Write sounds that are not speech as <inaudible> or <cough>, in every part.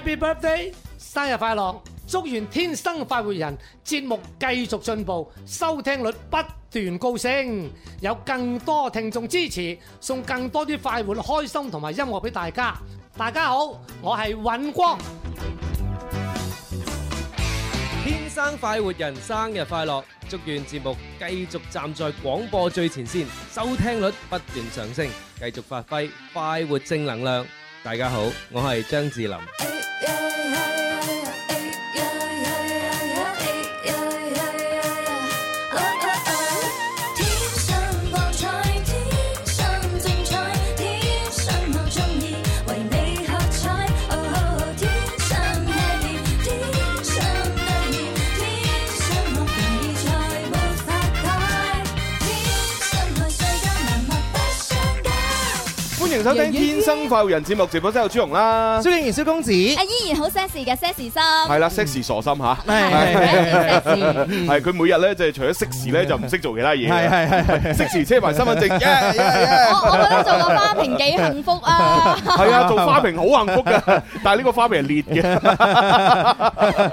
Happy Birthday！生日快樂，祝願天生快活人節目繼續進步，收聽率不斷高升，有更多聽眾支持，送更多啲快活、開心同埋音樂俾大家。大家好，我係尹光，天生快活人生日快樂，祝願節目繼續站在廣播最前線，收聽率不斷上升，繼續發揮快活正能量。大家好，我係張智霖。 <music> 收聽天生快活人節目，直播室有朱紅啦，蕭應然、蕭公子，阿依然好 sexy 嘅 sexy 心，係啦，sexy 傻心吓，係係係，係佢每日咧就係除咗 sexy 咧就唔識做其他嘢，係係係，sexy 車埋身份證，我我覺得做個花瓶幾幸福啊，係啊，做花瓶好幸福噶，但係呢個花瓶係裂嘅，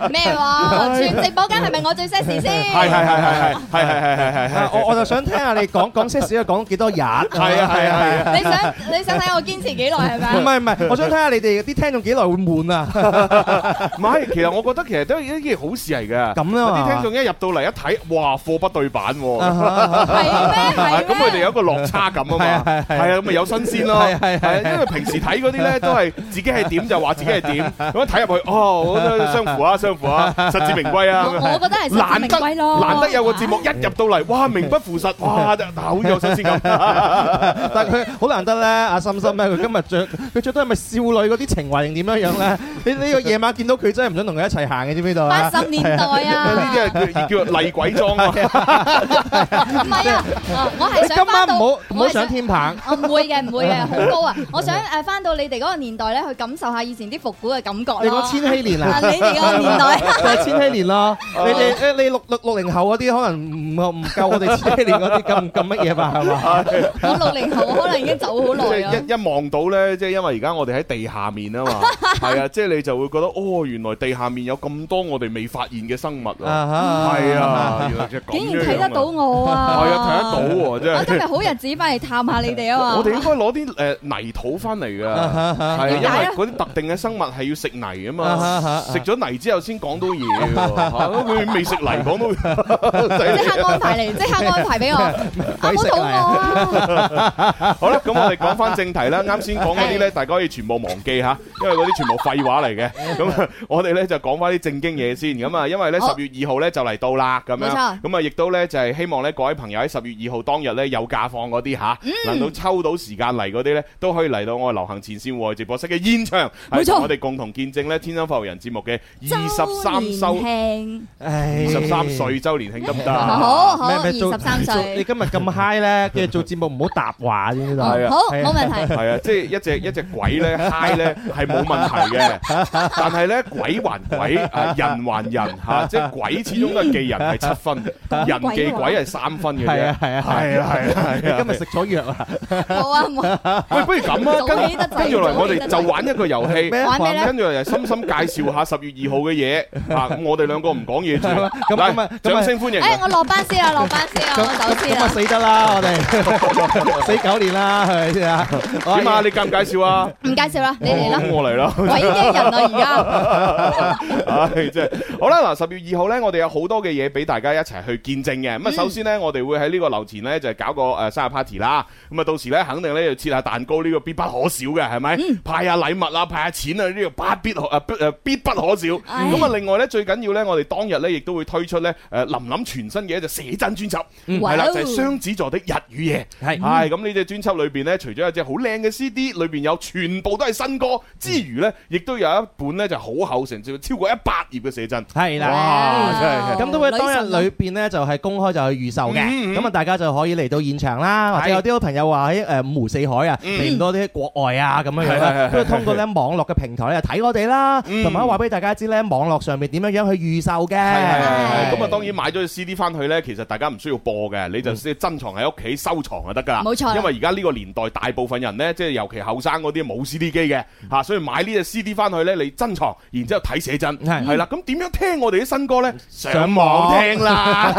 咩話？全直播間係咪我最 sexy 先？係係係係係係係係，我我就想聽下你講講 sexy 啊，講幾多日？係啊係啊係啊，你想你想。睇我堅持幾耐係咪？唔係唔係，我想睇下你哋啲聽眾幾耐會悶啊！唔 <laughs> 係， <laughs> 其實我覺得其實都係一件好事嚟嘅。咁啦嘛，啲 <laughs> 聽眾一入到嚟一睇，哇貨不對版喎！咁佢哋有一個落差感啊嘛！係係啊！咁咪有新鮮咯！因為平時睇嗰啲咧都係自己係點就話自己係點，咁一睇入去哦，相符啊相符啊，實至名歸啊！我，我覺得係、啊、 <laughs> 難得咯，難得有個節目哇一入到嚟，哇名不副實，哇嗱好有新鮮感。但係佢好難得咧，心心咧，佢今日着佢着得係咪少女嗰啲情懷定點樣樣咧？你呢個夜晚見到佢真係唔想同佢一齊行嘅，知唔知道？八十年代啊！呢啲叫叫叫厲鬼裝啊！唔係啊，我係想今晚唔好唔好上天棚。唔會嘅，唔會嘅，好高啊！我想誒翻到你哋嗰個年代咧，去感受下以前啲復古嘅感覺。你講千禧年啊？你哋個年代。千禧年咯，你哋誒你六六六零後嗰啲可能唔唔夠我哋千禧年嗰啲咁咁乜嘢吧，係嘛？我六零後，我可能已經走好耐啊。一望到咧，即係因為而家我哋喺地下面啊嘛，係啊，即係你就會覺得哦，原來地下面有咁多我哋未發現嘅生物啊，係啊，竟然睇得到我啊，係啊，睇得到真係。今日好日子，翻嚟探下你哋啊嘛。我哋應該攞啲誒泥土翻嚟噶，因為嗰啲特定嘅生物係要食泥啊嘛，食咗泥之後先講到嘢，佢未食泥，講到死啦。即刻安排嚟，即刻安排俾我，阿母肚餓啊！好啦，咁我哋講翻正，問題啦，啱先講嗰啲咧，大家可以全部忘記吓，因為嗰啲全部廢話嚟嘅。咁我哋咧就講翻啲正經嘢先，咁啊，因為咧十月二號咧就嚟到啦，咁樣，咁啊亦都咧就係希望咧各位朋友喺十月二號當日咧有假放嗰啲吓，能夠抽到時間嚟嗰啲咧，都可以嚟到我流行前線戶外直播室嘅現場，係我哋共同見證咧《天生浮雲》節目嘅二十三周二十三歲周年慶得唔得，好好二十三歲。你今日咁 high 咧，跟住做節目唔好答話先得，好冇問題。係啊，即係一隻一隻鬼咧，high 咧係冇問題嘅。但係咧，鬼還鬼啊，人還人吓，即係鬼始終都係忌人係七分，人忌鬼係三分嘅啫。係啊，係啊，係啊，係啊！今日食咗藥啊？冇啊，冇。喂，不如咁啊，跟跟住嚟，我哋就玩一個遊戲。玩咩咧？跟住嚟，深深介紹下十月二號嘅嘢啊！咁我哋兩個唔講嘢住啦。咁啊，掌聲歡迎。誒，我落班先啊，落班先啊，我走先啊。今日死得啦，我哋死九年啦，係咪先啊？點啊？你介唔介紹啊？唔介紹啦，你嚟、哦、啦。我嚟啦。我已經人啦，而家。啊， <laughs> <laughs> <laughs> <laughs> 你係好啦！嗱，十月二號咧，我哋有好多嘅嘢俾大家一齊去見證嘅。咁啊、嗯，首先咧，我哋會喺呢個樓前咧就係、搞個誒生日 party 啦。咁啊，到時咧肯定咧要切下蛋糕呢、呢個必不可少嘅，係咪？嗯、派下禮物啊，派下錢啊呢、呢個不必誒必不可少。咁啊、嗯，嗯、另外咧最緊要咧，我哋當日咧亦都會推出咧誒琳琳全新嘅一隻寫真專輯，係啦、嗯嗯，就係、是、雙子座的日與夜。係是，咁呢隻專輯裏邊咧，除咗有隻好。靚嘅 CD 裏邊有全部都係新歌，之餘呢亦都有一本呢就好厚，成至超過一百頁嘅寫真。係啦，哇，咁都喺當日裏邊呢就係公開就去預售嘅。咁啊，大家就可以嚟到現場啦，或者有啲朋友話喺誒五湖四海啊嚟唔到啲國外啊咁樣樣都咁通過呢網絡嘅平台呢睇我哋啦，同埋話俾大家知呢，網絡上面點樣樣去預售嘅。咁啊，當然買咗 CD 翻去呢，其實大家唔需要播嘅，你就先珍藏喺屋企收藏就得噶啦。冇錯，因為而家呢個年代大部分，人咧，即係尤其後生嗰啲冇 CD 機嘅嚇，所以買呢隻 CD 翻去咧，你珍藏，然之後睇寫真係啦。咁點樣聽我哋啲新歌咧？上網聽啦，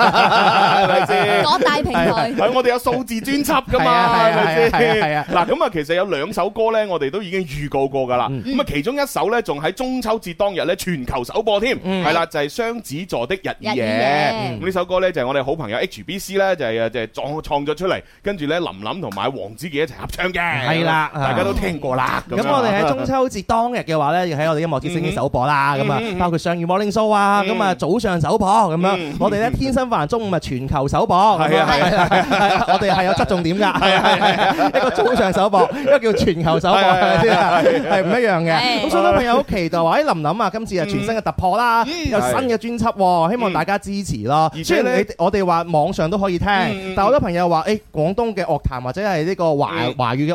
係咪先？各大平台係我哋有數字專輯噶嘛，係咪先？係啊。嗱咁啊，其實有兩首歌咧，我哋都已經預告過噶啦。咁啊，其中一首咧，仲喺中秋節當日咧全球首播添，係啦，就係雙子座的日夜嘅。咁呢首歌咧，就係我哋好朋友 HBC 咧，就係啊，就係創創作出嚟，跟住咧，琳琳同埋黃子傑一齊合唱嘅。係啦，大家都聽過啦。咁我哋喺中秋節當日嘅話咧，要喺我哋音樂節升經首播啦。咁啊，包括上午 morning show 啊，咁啊早上首播咁樣。我哋咧天生凡人中午啊全球首播，係啊係啊係，我哋係有側重點㗎，係啊係啊，一個早上首播，一個叫全球首播，係啊係啊，係唔一樣嘅。咁好多朋友好期待，話誒林林啊，今次係全新嘅突破啦，有新嘅專輯，希望大家支持咯。雖然你我哋話網上都可以聽，但係好多朋友話誒廣東嘅樂壇或者係呢個華華語嘅。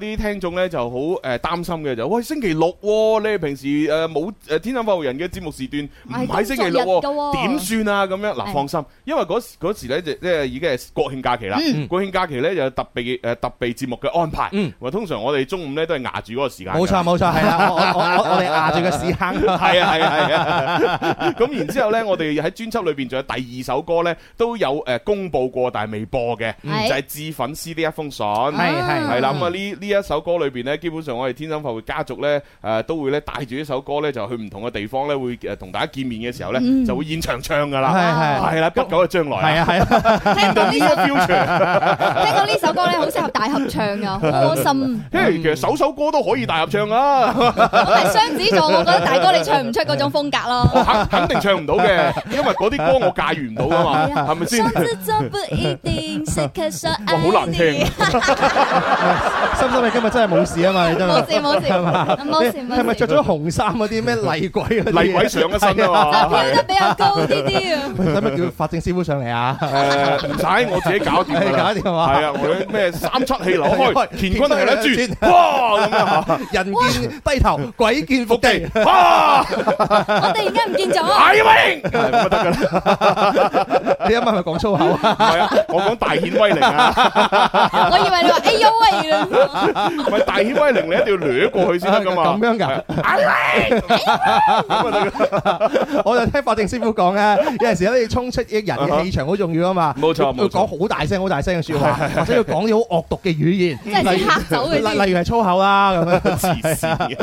啲聽眾咧就好誒擔心嘅就喂星期六喎，你平時誒冇誒《天生發號人》嘅節目時段唔喺星期六喎，點算啊？咁樣嗱，放心，因為嗰時嗰時咧就即係已經係國慶假期啦。國慶假期咧就有特別誒特別節目嘅安排。通常我哋中午咧都係壓住嗰個時間。冇錯冇錯，係啦，我哋壓住個屎坑。係啊係啊係啊！咁然之後咧，我哋喺專輯裏邊仲有第二首歌咧，都有誒公佈過，但係未播嘅，就係致粉絲呢一封信。係係係啦咁啊！呢呢。呢一首歌裏邊咧，基本上我哋天生佛會家族咧，誒都會咧帶住呢首歌咧，就去唔同嘅地方咧，會誒同大家見面嘅時候咧，就會現場唱噶啦，係啦，不久嘅將來啊，係啊，聽唔到呢個 Future，聽講呢首歌咧好適合大合唱噶，好開心，嘿，其實首首歌都可以大合唱啊，我係雙子座，我覺得大哥你唱唔出嗰種風格咯，肯肯定唱唔到嘅，因為嗰啲歌我駕馭唔到噶嘛，係咪先？好難聽。今日真係冇事啊嘛，冇事冇事啊嘛，冇事冇事。係咪著咗紅衫嗰啲咩厲鬼嗰啲？厲鬼上咗身啊！跳得比較高啲。使乜叫法政師傅上嚟啊？誒唔使，我自己搞掂啦。係啊，我咩三出氣攞開，乾坤都有一轉。哇！咁啊嚇，人見低頭，鬼見伏地。哇！我突然間唔見咗。威靈，係唔得㗎啦！你啱啱係咪講粗口？我講大顯威力啊！我以為你話哎呦喂。唔係大顯威靈，你一定要掠過去先得噶嘛？咁樣噶，阿威，我就聽法政師傅講咧，有陣時咧要衝出億人，氣場好重要啊嘛。冇錯，冇錯，要講好大聲，好大聲嘅說話，或者要講啲好惡毒嘅語言，例如嚇走佢，例例如係粗口啦咁樣，黐線。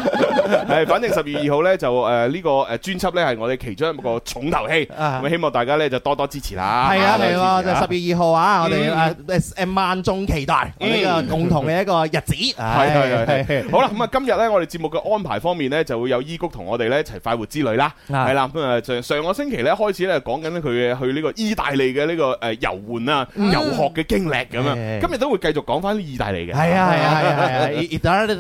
係，反正十月二號咧就誒呢個誒專輯咧係我哋其中一個重頭戲，咁希望大家咧就多多支持啦。係啊，係喎，就十月二號啊，我哋誒誒萬眾期待呢個共同嘅一個日子。係係係，好啦，咁 <noise> 啊，嗯、今日咧，我哋節目嘅安排方面咧，就會有伊谷同我哋咧一齊快活之旅啦，係啦、ja，咁 <noise> 啊 router、yeah, yeah.，上上個星期咧開始咧講緊佢去呢個意大利嘅呢個誒遊玩啊、遊學嘅經歷咁啊，今日都會繼續講翻意大利嘅。係啊係啊係啊，意大利啊，意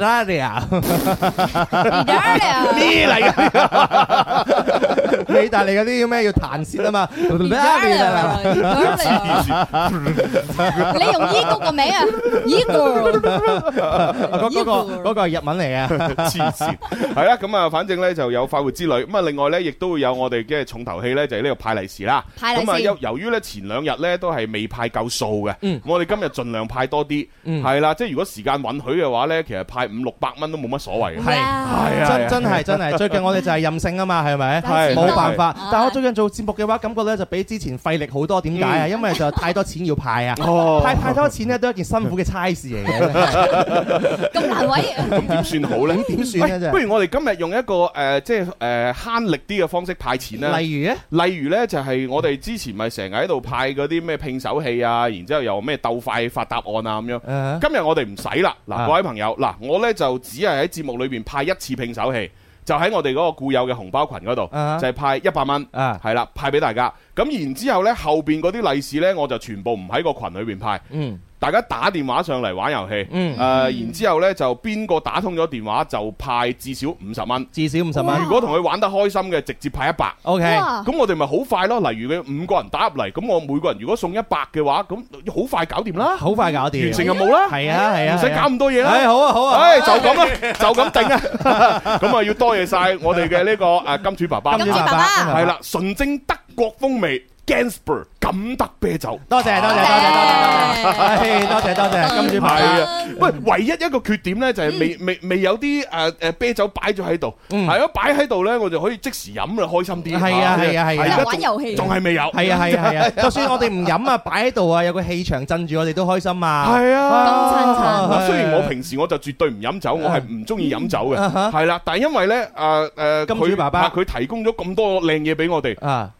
大利啊，咩咩叫彈舌啊嘛？你用伊谷個名啊，伊谷。音 uzu 嗰嗰個係日文嚟啊！黐線，係啦，咁啊，反正呢就有快活之旅。咁啊，另外呢，亦都會有我哋嘅重頭戲呢，就係呢個派利是啦。咁啊，由由於呢前兩日呢，都係未派夠數嘅，我哋今日盡量派多啲。係啦，即係如果時間允許嘅話呢，其實派五六百蚊都冇乜所謂嘅。係啊，真真係真係。最近我哋就係任性啊嘛，係咪？冇辦法。但係我最近做節目嘅話，感覺呢就比之前費力好多。點解啊？因為就太多錢要派啊！派太多錢呢，都係一件辛苦嘅差事嚟嘅。咁難位，咁點 <laughs> 算好呢？點算，哎，不如我哋今日用一個誒，即係慳力啲嘅方式派錢啦。例如呢，例如呢，就係、是、我哋之前咪成日喺度派嗰啲咩拼手氣啊，然之後又咩鬥快發答案啊咁樣。Uh huh. 今日我哋唔使啦，嗱，各位朋友，嗱、uh，huh. 我呢就只係喺節目裏邊派一次拼手氣，就喺我哋嗰個固有嘅紅包群嗰度，uh huh. 就係派一百蚊，係啦、uh huh.，派俾大家。咁然後呢，然後之後呢，後邊嗰啲利是呢，我就全部唔喺個群裏邊派。Uh huh. uh huh. 大家打電話上嚟玩遊戲，誒，然之後咧就邊個打通咗電話就派至少五十蚊，至少五十蚊。如果同佢玩得開心嘅，直接派一百。OK，咁我哋咪好快咯。例如嘅五個人打入嚟，咁我每個人如果送一百嘅話，咁好快搞掂啦，好快搞掂，完成任務啦，係啊係啊，唔使搞咁多嘢啦。哎，好啊好啊，就咁啦，就咁定啊。咁啊，要多謝晒我哋嘅呢個誒金主爸爸，金主爸爸係啦，純正德國風味 Gansper。飲得啤酒，多謝多謝多謝多謝，多謝多謝金主牌。係啊，喂，唯一一個缺點咧，就係未未未有啲誒誒啤酒擺咗喺度，嗯，係咯，擺喺度咧，我就可以即時飲啦，開心啲。係啊係啊係玩遊戲仲係未有？係啊係啊，就算我哋唔飲啊，擺喺度啊，有個氣場鎮住我哋都開心啊。係啊，雖然我平時我就絕對唔飲酒，我係唔中意飲酒嘅，係啦。但係因為咧，誒誒，金主爸爸佢提供咗咁多靚嘢俾我哋，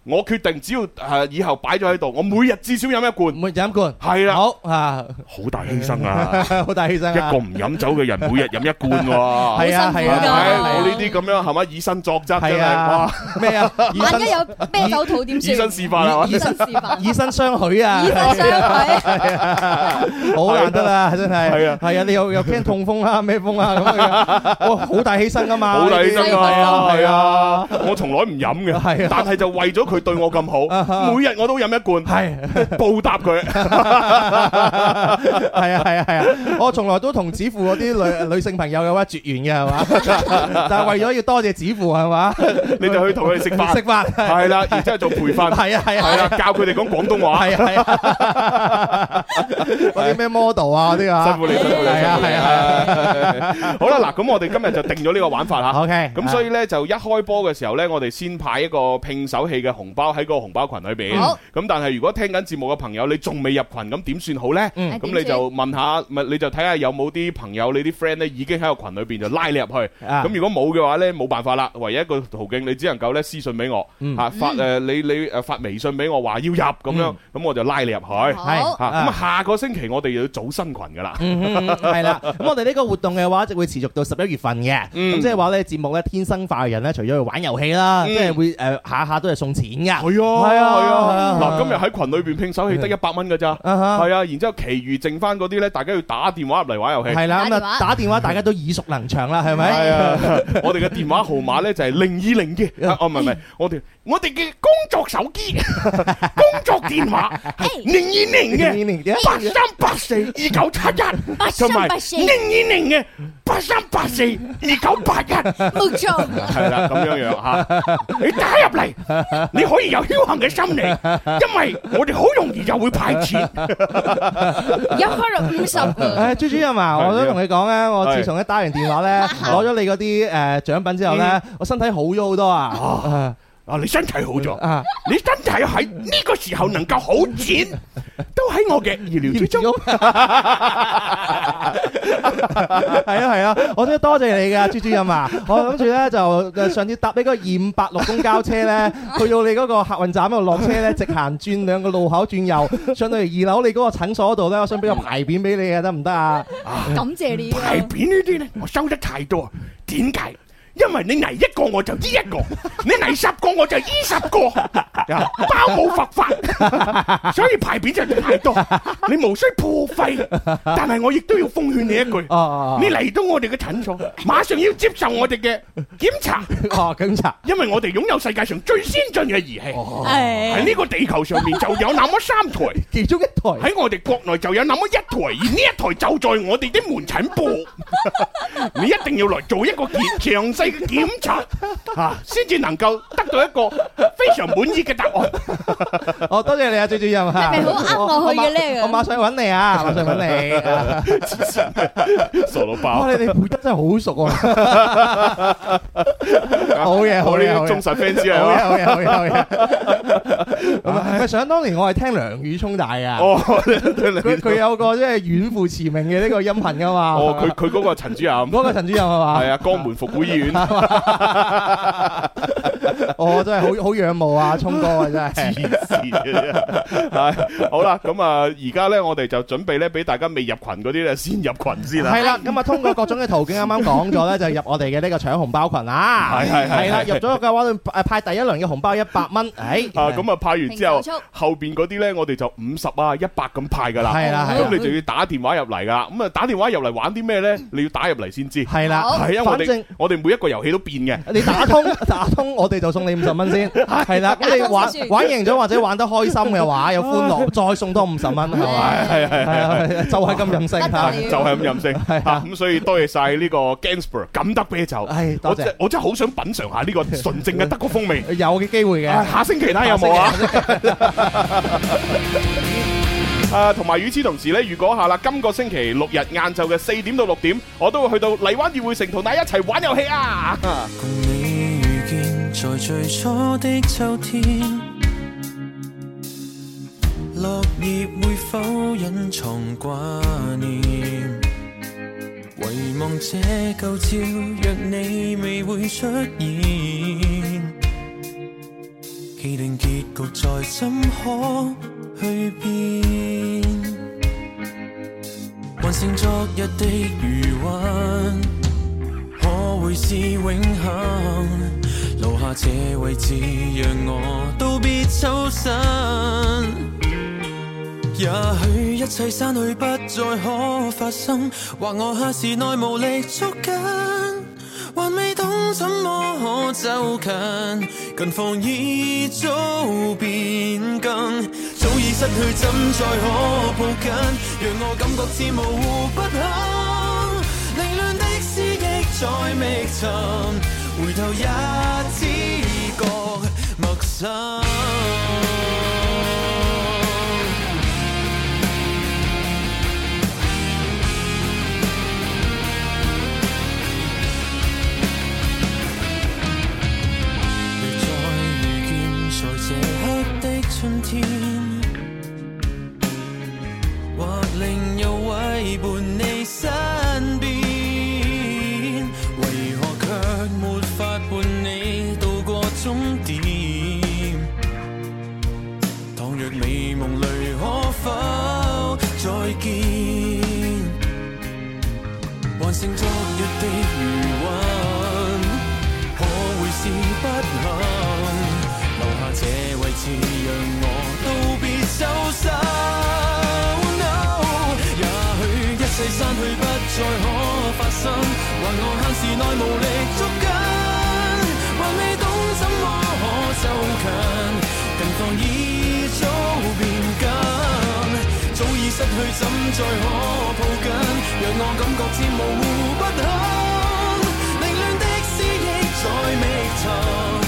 我決定只要誒以後擺咗喺。度我每日至少飲一罐，每日飲一罐，係啦，好啊，好大犧牲啊，好大犧牲，一個唔飲酒嘅人每日飲一罐喎，係啊，我呢啲咁樣係咪以身作則？係啊，咩啊？萬一有啤酒肚點算？以身示範啊，以身示範，以身相許啊，以身示範，好難得啦，真係，係啊，係啊，你又又驚痛風啊，咩風啊咁樣？哇，好大犧牲噶嘛，好大犧牲啊，係啊，我從來唔飲嘅，但係就為咗佢對我咁好，每日我都飲一，係報答佢，係啊，係啊，係啊！我從來都同子父嗰啲女女性朋友有乜絕緣嘅係嘛，但係為咗要多謝子父係嘛，你就去同佢食飯食飯係啦，然之後做培訓，係啊，係啊，係啊，教佢哋講廣東話，係啊，嗰啲咩 model 啊嗰啲啊，辛苦你辛苦你，係啊，係啊，好啦，嗱，咁我哋今日就定咗呢個玩法喇，OK，咁所以咧就一開波嘅時候咧，我哋先派一個拼手氣嘅紅包喺個紅包群裏邊，好咁。但係如果聽緊節目嘅朋友，你仲未入群，咁點算好呢？咁你就問下，咪你就睇下有冇啲朋友，你啲 friend 咧已經喺個群裏邊，就拉你入去。咁如果冇嘅話呢，冇辦法啦，唯一一個途徑你只能夠咧私信俾我，啊發誒你你發微信俾我話要入咁樣，咁我就拉你入去。咁下個星期我哋要組新群噶啦，係啦。咁我哋呢個活動嘅話就會持續到十一月份嘅。咁即係話呢，節目咧天生化嘅人咧，除咗去玩遊戲啦，即係會誒下下都係送錢噶。係啊，係啊，係啊。今日喺群裏邊拼手氣得一百蚊㗎咋，係、uh huh. 啊，然之後其餘剩翻嗰啲呢，大家要打電話入嚟玩遊戲。係啦、啊，嗯、打，電打電話大家都耳熟能詳啦，係咪？ <laughs> 係 <laughs> 啊，我哋嘅電話號碼呢，就係零二零嘅。哦，唔係唔係， <coughs> 我哋。我哋嘅工作手機、工作電話係零二零嘅八三八四二九七一，同埋零二零嘅八三八四二九八一，冇錯。係啦，咁樣樣吓，你打入嚟，你可以有僥幸嘅心理，因為我哋好容易就會派錢，一開到五十個。誒，朱主任啊，我都同你講咧，我自從一打完電話咧，攞咗你嗰啲誒獎品之後咧，我身體好咗好多啊！哦，你身體好咗，你身體喺呢個時候能夠好轉，都喺我嘅意料之中。係啊係啊，我都要多謝你嘅朱主任啊！我諗住咧就上次搭呢個二五八六公交車咧，去到你嗰個客運站度落車咧，直行轉兩個路口轉右，上到嚟二樓你嗰個診所度咧，我想俾個牌匾俾你啊，得唔得啊？感謝你牌匾呢啲咧，我收得太多，點解？因為你嚟，一個我就醫一個，你嚟十個我就醫十個，包冇復發，所以牌匾就太多，你無需破費。但係我亦都要奉勸你一句，你嚟到我哋嘅診所，馬上要接受我哋嘅檢查，哦檢查，因為我哋擁有世界上最先進嘅儀器，喺呢個地球上面就有那麼三台，其中一台喺我哋國內就有那麼一台，而呢一台就在我哋啲門診部，你一定要來做一個檢詳細。檢查吓，先至能夠得到一個非常滿意嘅答案。哦，多謝你啊，最主任，係咪好呃我去嘅咧？我馬上揾你啊，馬上揾你。傻老包！你哋背得真係好熟啊！好嘢，好嘢，忠實 fans 啊！好嘢，好嘢，好嘢。唔係，想當年我係聽梁宇聰大啊！哦，佢有個即係遠赴馳名嘅呢個音頻噶嘛。哦，佢佢嗰個陳主任，嗰個陳主任係嘛？係啊，江門婦古醫院。我 <laughs> 真係好好仰慕啊，聰哥啊，真係！好啦、 <laughs> 嗯，咁啊，而家咧，我哋就準備咧，俾大家未入群嗰啲咧，先入群先啦。係啦，咁啊，通過各種嘅途徑，啱啱講咗咧，就入我哋嘅呢個搶紅包群啦。係係係啦，入咗嘅話，誒派第一輪嘅紅包一百蚊，誒、哎、咁、嗯嗯嗯、啊、嗯嗯、派完之後，後邊嗰啲咧，我哋就五十啊、一百咁派噶啦。係啦，咁你就要打電話入嚟噶，咁啊打電話入嚟玩啲咩咧？你要打入嚟先知。係啦，係啊，我哋我哋每一個。遊戲都變嘅，你打通打通，我哋就送你五十蚊先，係啦。咁你玩玩贏咗或者玩得開心嘅話，有歡樂再送多五十蚊，係係係，就係咁任性，就係咁任性，吓咁。所以多謝晒呢個 Gansberg，咁得啤酒，我真我真係好想品嘗下呢個純正嘅德國風味，有嘅機會嘅，下星期睇有冇啊？誒，同埋與此同時咧，如果下啦，今個星期六日晏晝嘅四點到六點，我都會去到荔灣宴會城同大家一齊玩遊戲啊！同你遇見在最初的秋天，落葉會否隱藏掛念？遺忘這舊照，若你未會出現去變，還剩昨日的餘溫，可會是永恆？留下這位置，讓我都別抽身。也許一切散去，不再可發生，或我下時內無力捉緊。還未懂怎麼可走近，近況已早變更，早已失去怎再可抱緊，讓我感覺似模糊不堪。凌亂的思憶在覓尋，回頭也只覺陌生。春天，或另有位伴你身邊。為何卻沒法伴你渡過終點？倘若美夢裏可否再見？還剩昨日的。已散去，不再可發生。還我限時內無力捉緊，還未懂怎麼可走近，近況已早變緊。早已失去，怎再可抱緊？若我感覺漸模糊不堪，凌亂的思憶再覓尋。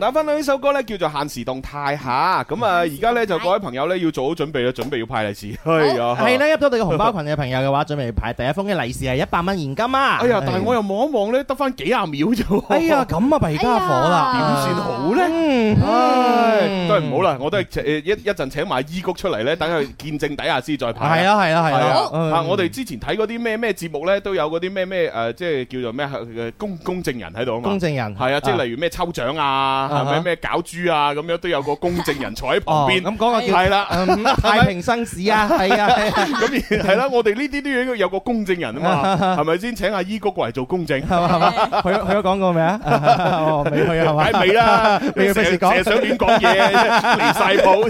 打翻到呢首歌咧，叫做限時動態下咁啊，而家咧就各位朋友咧要做好準備啦，準備要派利是。係啊，係啦，入到我哋嘅紅包群嘅朋友嘅話，準備派第一封嘅利是係一百蚊現金啊。哎呀，但係我又望一望咧，得翻幾廿秒啫。哎呀，咁啊弊家伙啦，點算好咧？唉，都係唔好啦，我都係一一陣請埋伊谷出嚟咧，等佢見證底下先再派。係啊，係啊，係啊。我哋之前睇嗰啲咩咩節目咧，都有嗰啲咩咩誒，即係叫做咩嘅公公證人喺度啊嘛。公證人係啊，即係例如咩抽獎啊。係咪咩搞豬啊？咁樣都有個公證人坐喺旁邊。咁講啊，係啦，太平紳士啊，係啊。咁而係啦，我哋呢啲啲嘢，應該有個公證人啊嘛，係咪先請阿伊谷嚟做公證？係嘛？佢佢都講過未啊？哦，未係啊？未啦，你平時講想亂講嘢，離晒譜。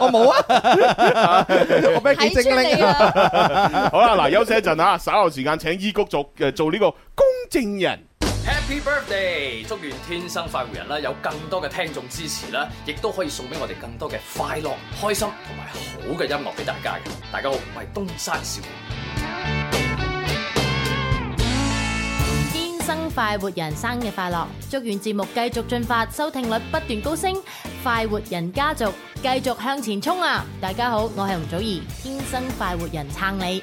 我冇啊，我咩叫正力好啦，嗱，休息一陣啊，稍後時間請伊谷做誒做呢個公證人。Happy birthday！祝願天生快活人啦，有更多嘅聽眾支持啦，亦都可以送俾我哋更多嘅快樂、開心同埋好嘅音樂俾大家嘅。大家好，我係東山少爺。天生快活人生日快樂，祝願節目繼續進發，收聽率不斷高升，快活人家族繼續向前衝啊！大家好，我係容祖兒，天生快活人撐你。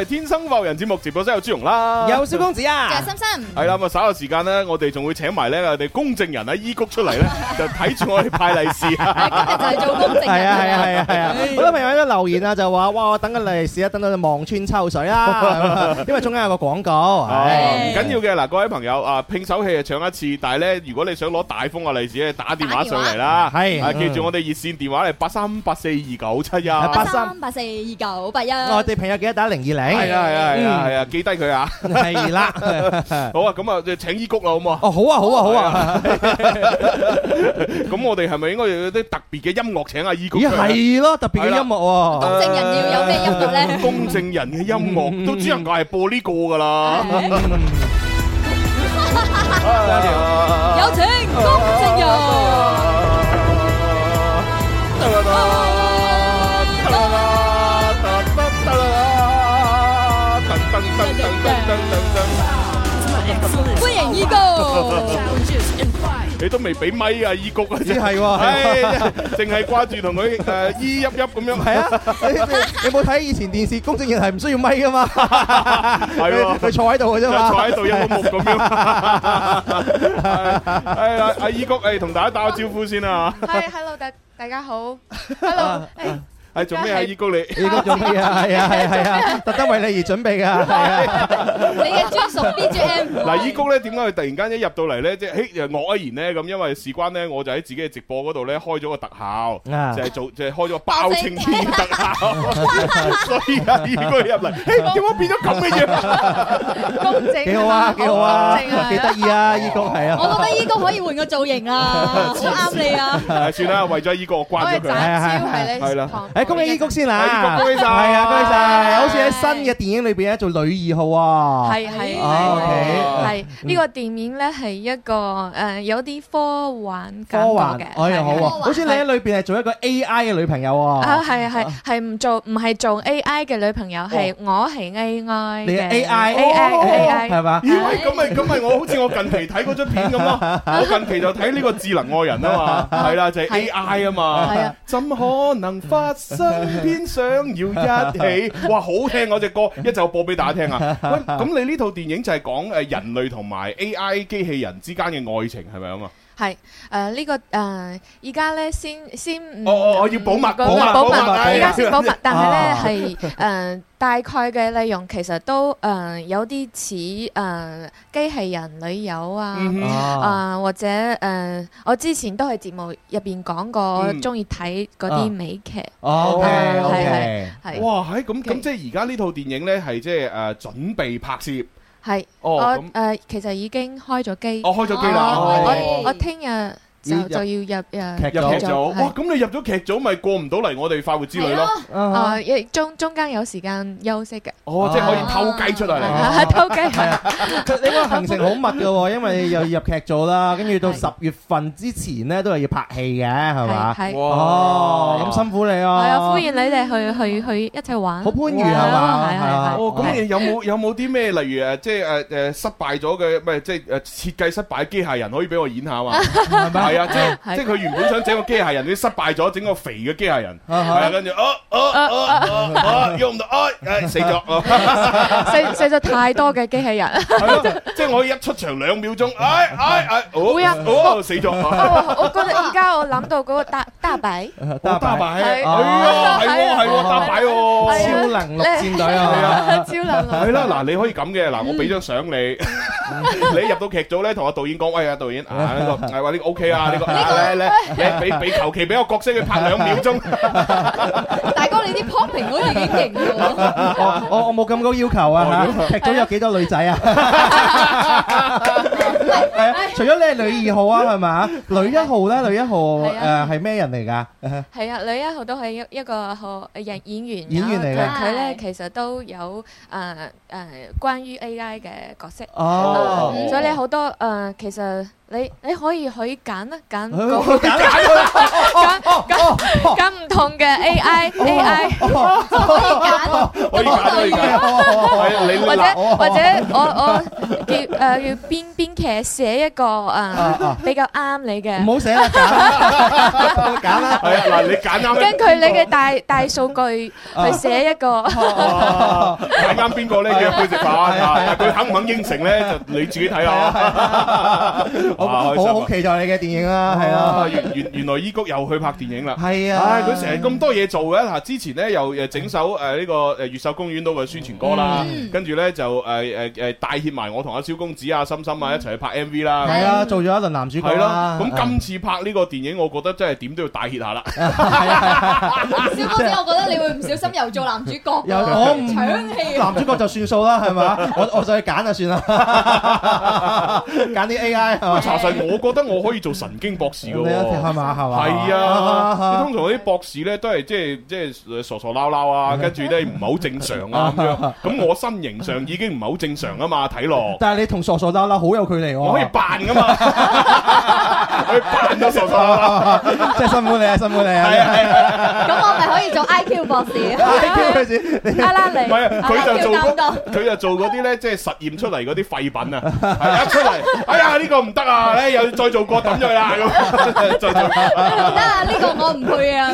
係天生浮人節目直播室有朱蓉啦，有小公子啊，心心係啦咁啊，稍後時間呢，我哋仲會請埋咧我哋公證人喺伊谷出嚟咧，就睇住我哋派利是啊！就係做公證人，係啊係啊係啊！好多朋友喺留言啊，就話哇，我等個利是啊，等到望穿秋水啦，因為中間有個廣告，唔緊要嘅嗱，各位朋友啊，拼手氣啊，搶一次，但係咧，如果你想攞大風個利是，打電話上嚟啦，係記住我哋熱線電話嚟八三八四二九七一，八三八四二九八一，外地朋友記得打零二零。係啊係啊係啊係啊，記低佢啊！係啦，好啊，咁啊，請依谷啦，好唔好啊？哦，好啊好啊好啊！咁我哋係咪應該有啲特別嘅音樂請啊？依谷係咯，特別嘅音樂啊！公證人要有咩音樂咧？公證人嘅音樂都只能夠係播呢個噶啦。有請公證人。得啦得。歡迎伊谷，你都未俾咪啊伊谷啊，真係喎，係淨係掛住同佢誒咿泣泣咁樣，係啊，你你冇睇以前電視，公證員係唔需要咪噶嘛，係喎，佢坐喺度嘅啫嘛，坐喺度一木木咁樣，係啦，阿伊谷誒，同大家打個招呼先啊，係，Hello 大大家好，Hello，誒。係做咩啊？伊谷你，伊谷做咩啊！係啊！係啊！特登為你而準備㗎，係啊！你嘅專屬 BGM。嗱，伊谷咧點解佢突然間一入到嚟咧？即係誒愕然咧咁，因為事關咧，我就喺自己嘅直播嗰度咧開咗個特效，就係做就係開咗個包青天特效。所以啊，伊谷入嚟，誒點解變咗咁嘅嘢？幾好啊！幾好啊！幾得意啊！伊谷係啊！我覺得伊谷可以換個造型啦，都啱你啊！誒算啦，為咗依個關咗佢。我係反超係你，係啦。恭喜伊谷先啦，恭喜晒，係啊，恭喜晒。好似喺新嘅電影裏邊咧做女二號啊，係，係，係，呢個電影咧係一個誒有啲科幻科幻嘅，哎呀好啊，好似你喺裏邊係做一個 AI 嘅女朋友啊，係，係，係，唔做唔係做 AI 嘅女朋友，係，我係 AI 你嘅 AI AI 係嘛？咦咁咪咁咪我好似我近期睇嗰張片咁咯，我近期就睇呢個智能愛人啊嘛，係啦就係 AI 啊嘛，係啊，怎可能發生？身邊想要一起，哇，好聽嗰、啊、隻歌，一就播俾大家聽啊！喂，咁你呢套電影就係講誒人類同埋 A I 機器人之間嘅愛情，係咪咁啊？係，誒呢個誒而家咧先先唔，我我要保密，保密，保密，依家先保密，但係咧係誒大概嘅內容其實都誒有啲似誒機器人女友啊，誒或者誒我之前都係節目入邊講過，中意睇嗰啲美劇，OK OK，係哇，喺咁咁即係而家呢套電影咧係即係誒準備拍攝。係是、oh, 我誒，呃、其實已經開咗機，我開咗機啦，我我聽日。就就要入誒劇組，哇！咁你入咗劇組，咪過唔到嚟我哋快活之旅咯？啊，中中間有時間休息嘅。哦，即係可以偷雞出嚟。係偷雞。係啊，你應該行程好密㗎喎，因為又入劇組啦，跟住到十月份之前咧都係要拍戲嘅，係嘛？係。哇！咁辛苦你啊！係啊，歡迎你哋去去去一齊玩。好番禺係嘛？係係係。哦，咁你有冇有冇啲咩例如誒，即係誒誒失敗咗嘅，唔係即係誒設計失敗機械人可以俾我演下嘛？係咪？啊！即即佢原本想整個機械人，你失敗咗，整個肥嘅機械人，係啊，跟住哦哦哦哦用唔到，哎哎死咗，死死咗太多嘅機器人。即即我可以一出場兩秒鐘，哎哎哎，會啊，哦死咗。哦，我覺得而家我諗到嗰個大大擺，大擺，係啊，係啊，大擺喎，超能陸戰隊啊，超能係啦。嗱，你可以咁嘅，嗱，我俾張相你，你入到劇組咧，同阿導演講，喂啊，導演啊，呢個係呢個 O K 啊。呢、這個嚟咧，俾俾求其俾個角色佢拍兩秒鐘。大哥，你啲 popping 都已經型咗。我我冇咁高要求啊。劇組有幾多女仔啊？哎、除咗你係女二號啊，係咪啊，啊？女一號咧，女一號誒，係咩人嚟噶？係啊，女一號都係一一個好演演員演員嚟嘅。佢咧、啊、其實都有誒誒、呃呃、關於 AI 嘅角色。哦、呃啊嗯嗯。所以你好多誒、呃，其實你你可以去揀。咁揀佢，揀佢，揀唔同嘅 AI，AI，可以揀咯，可以揀咯，或者或者我我叫誒叫編編劇寫一個啊比較啱你嘅，唔好寫，揀啦，係啊，嗱你揀啱，根據你嘅大大數據去寫一個，揀啱邊個咧要佢食飯，佢肯唔肯應承咧就你自己睇下，好好期待你嘅電。係啊，原原原來伊、e、谷又去拍電影啦，係啊，佢成日咁多嘢做嘅，嗱之前咧又整首誒、呃這個嗯、呢個誒越秀公園都嘅宣傳歌啦，跟住呢就誒誒誒帶挈埋我同阿蕭公子啊、心心啊一齊去拍 M V 啦，嗯，係啊，做咗一輪男主角，係咁今次拍呢個電影，我覺得真係點都要帶挈下啦，蕭公子，我覺得你會唔小心又做男主角，又搶戲， <laughs> 男主角就算數啦，係咪？我我，我再揀就算啦，揀啲 A I，查實我覺得我可以做。神經博士噶，係嘛？係嘛？係啊！你通常嗰啲博士咧都係即係即係傻傻撈撈啊，跟住咧唔係好正常啊咁樣。咁我身形上已經唔係好正常啊嘛，睇落。但係你同傻傻撈撈好有距離，我可以扮噶嘛，可以扮到傻傻撈撈。真辛苦你啊，辛苦你啊！係咁我咪可以做 I Q 博士？I Q 開始，卡拉你唔係佢就做嗰佢就做啲咧，即係實驗出嚟嗰啲廢品啊！係啊出嚟，哎呀呢個唔得啊！咧又再做過，抌咗。得 <laughs> 啊，呢個我唔配啊。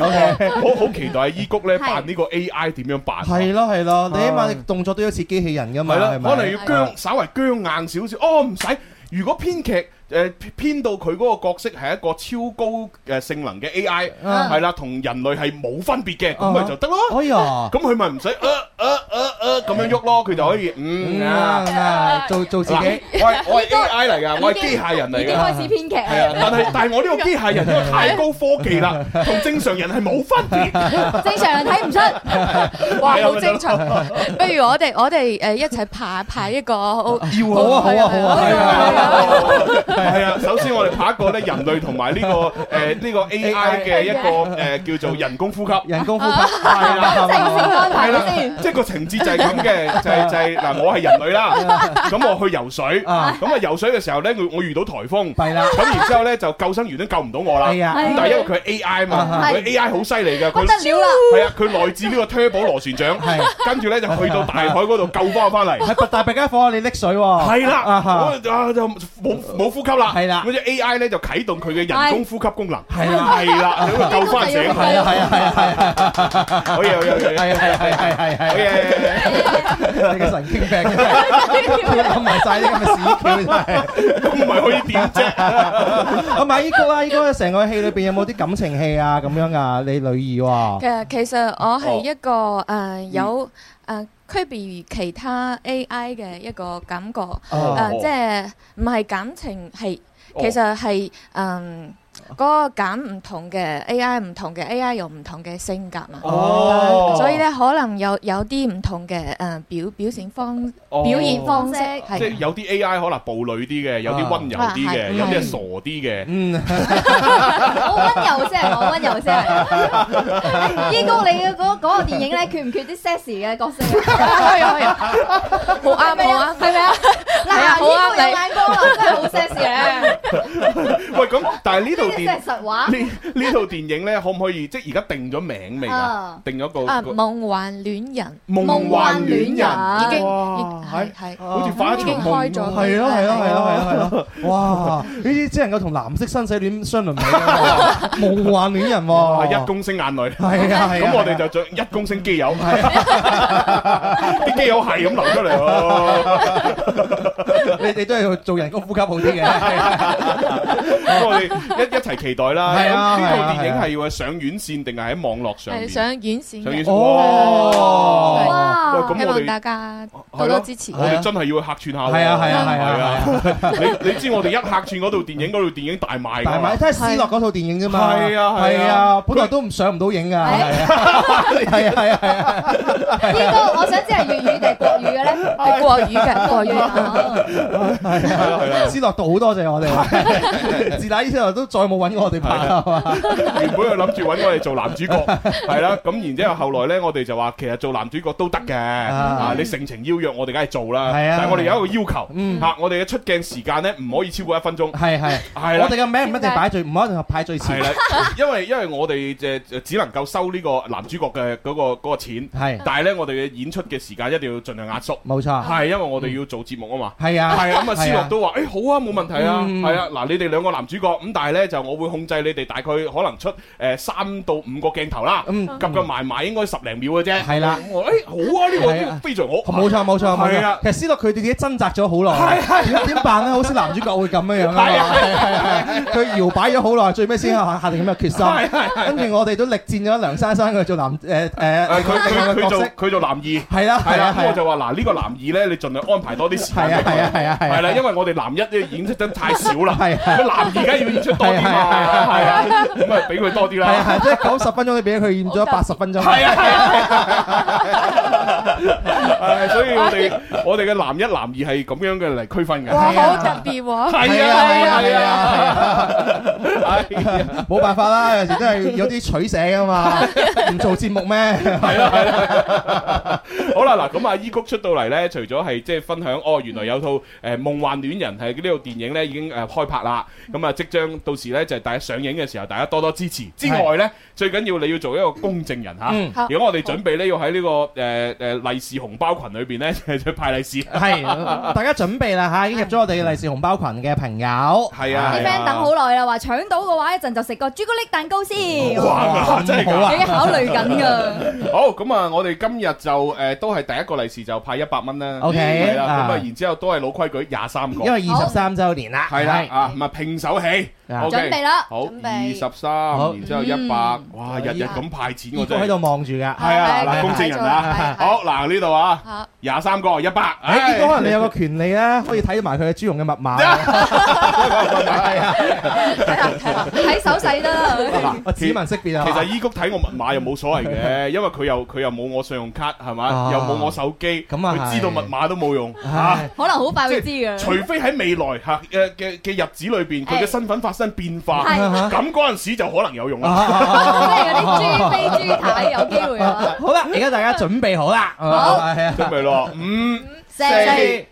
O K，我好期待伊谷咧扮呢個 A I 點樣扮？係咯，係咯，你起碼動作都要似機器人噶嘛，係咪的？吧可能要僵， <laughs> 稍微僵硬少少。哦，唔使，如果編劇。誒，編到佢嗰個角色係一個超高誒性能嘅 AI，係啦，同人類係冇分別嘅，咁咪就得咯。可以啊，咁佢咪唔使呃呃呃誒咁樣喐咯，佢就可以嗯做做自己。我係我係 AI 嚟噶，我係機械人嚟嘅。已經開始編劇，但係但係我呢個機械人因為太高科技啦，同正常人係冇分別。正常人睇唔出，哇，好正常。不如我哋我哋誒一齊排排一個好啊好啊，係啊。係啊，首先我哋拍一個咧人類同埋呢個誒呢個 AI 嘅一個誒叫做人工呼吸。人工呼吸，係啦，係啦，係啦，即係個情節就係咁嘅，就係就係嗱，我係人類啦，咁我去游水，咁啊游水嘅時候咧，我我遇到颱風，係啦，咁然之後咧就救生員都救唔到我啦，咁但係因為佢係 AI 啊嘛，佢 AI 好犀利㗎，佢係啊，佢來自呢個 Turbo 螺旋槳，係跟住咧就去到大海嗰度救翻我翻嚟，係白大伯家放你溺水喎，係啦，我就冇冇呼吸啦，係啦，嗰隻 AI 咧，就啟動佢嘅人工呼吸功能，係啦，係啦，咁啊救翻醒佢，係啊，係啊，可以，可以，係啊，係啊，係係係係，你嘅神經病，吞埋晒啲咁嘅屎尿，咁唔係可以點啫？阿米哥啊，依家成個戲裏邊有冇啲感情戲啊？咁樣噶，你女兒，其實其實我係一個誒有誒。區別於其他 AI 嘅一個感覺，誒、oh, oh. 呃，即係唔係感情，係其實係。Oh. 嗯。嗰個揀唔同嘅 AI，唔同嘅 AI 有唔同嘅性格嘛？哦，所以咧可能有有啲唔同嘅誒表表現方表現方式，即係有啲 AI 可能暴女啲嘅，有啲溫柔啲嘅，有啲傻啲嘅。嗯，好溫柔先，好溫柔先。伊谷，你嘅嗰嗰個電影咧，缺唔缺啲 sexy 嘅角色？有有，好啱，好啱，係咪啊？係啊，好啊，你。好 sexy 咧！喂，咁但係呢度。即係實話，呢呢套電影咧，可唔可以即係而家定咗名未啊？定咗個《夢幻戀人》。夢幻戀人已經係係，好似花開咗，係咯係咯係咯係咯，哇！呢啲只能夠同藍色生死戀相鄰嘅夢幻戀人喎，一公升眼淚，係啊係。咁我哋就做一公升機油，啲機油係咁流出嚟，你哋都係去做人工呼吸好啲嘅。不過我哋一一。一齊期待啦！呢套電影係要上院線定係喺網絡上？係上院線。上院線。哇！希望大家多多支持。我哋真係要客串下。係啊係啊係啊！你你知我哋一客串嗰套電影，嗰套電影大賣係咪？睇係思樂嗰套電影啫嘛。係啊係啊！本來都唔上唔到影㗎。係啊係啊係啊！呢個我想知係粵語定係國語嘅咧？係國語嘅國語。係啊係啊！思樂都好多謝我哋。自打依出嚟都再冇。搵我哋拍啊嘛，原本佢諗住搵我哋做男主角，係啦，咁然之後後來咧，我哋就話其實做男主角都得嘅，啊，你盛情邀約我哋梗係做啦，係啊，但係我哋有一個要求，嗯，吓我哋嘅出鏡時間咧唔可以超過一分鐘，係係係，我哋嘅名唔一定擺最唔一定排最前，係啦，因為因為我哋誒只能夠收呢個男主角嘅嗰個嗰個錢，係，但係咧我哋嘅演出嘅時間一定要盡量壓縮，冇錯，係因為我哋要做節目啊嘛，係啊，係啊，咁啊思樂都話，誒好啊，冇問題啊，係啊，嗱你哋兩個男主角，咁但係咧就。我會控制你哋大概可能出誒三到五個鏡頭啦，夾夾埋埋應該十零秒嘅啫。係啦，好啊，呢個非常好。冇錯冇錯，係啦。其實斯諾佢哋自己掙扎咗好耐。係係點辦咧？好似男主角會咁嘅樣啊嘛。係係係，佢搖擺咗好耐，最尾先下定咁嘅決心。跟住我哋都力戰咗梁珊珊去做男誒誒。佢做佢做男二。係啦係啦，我就話嗱，呢個男二咧，你盡量安排多啲時間。係啊係啊係啊係啦，因為我哋男一演出真太少啦。佢男二梗係要演出多啲。係啊係啊，咁咪俾佢多啲啦。係啊係，即係九十分鐘你俾佢演咗八十分鐘。係啊係啊。所以我哋、嗯、我哋嘅男一男二係咁樣嘅嚟區分嘅。哇，好特別喎！係啊係啊係啊。係，冇辦法啦，有時真係有啲取捨噶嘛。唔做節目咩？係啦係啦。好啦，嗱，咁啊，伊谷出到嚟咧，除咗係即係分享，哦，原來有套誒《夢幻戀人》係呢套電影咧，已經誒開拍啦。咁啊，即將到時就係大家上映嘅時候，大家多多支持。之外咧，最緊要你要做一個公證人吓。如果我哋準備咧，要喺呢個誒誒利是紅包群裏邊咧，就派利是。係大家準備啦吓，已經入咗我哋利是紅包群嘅朋友。係啊，啲 friend 等好耐啦，話搶到嘅話一陣就食個朱古力蛋糕先。哇，真係好考慮緊噶。好咁啊，我哋今日就誒都係第一個利是就派一百蚊啦。OK，咁啊然之後都係老規矩廿三個，因為二十三周年啦，係啦啊，啊拼手氣。準備啦，好，二十三，然之後一百，哇，日日咁派錢我真係，喺度望住噶，係啊，嗱公證人啊，好，嗱呢度啊，廿三個一百，誒，可能你有個權利咧，可以睇埋佢嘅朱融嘅密碼，係啊，睇手勢啦，嗱指紋識別啊，其實伊谷睇我密碼又冇所謂嘅，因為佢又佢又冇我信用卡係嘛，又冇我手機，咁啊，佢知道密碼都冇用吓，可能好快會知嘅，除非喺未來吓嘅嘅嘅日子裏邊，佢嘅身份發。新變化，咁嗰陣時就可能有用啦。即係嗰啲珠非珠肽有機會。好啦，而家大家準備好啦。好，準備咯。五、四、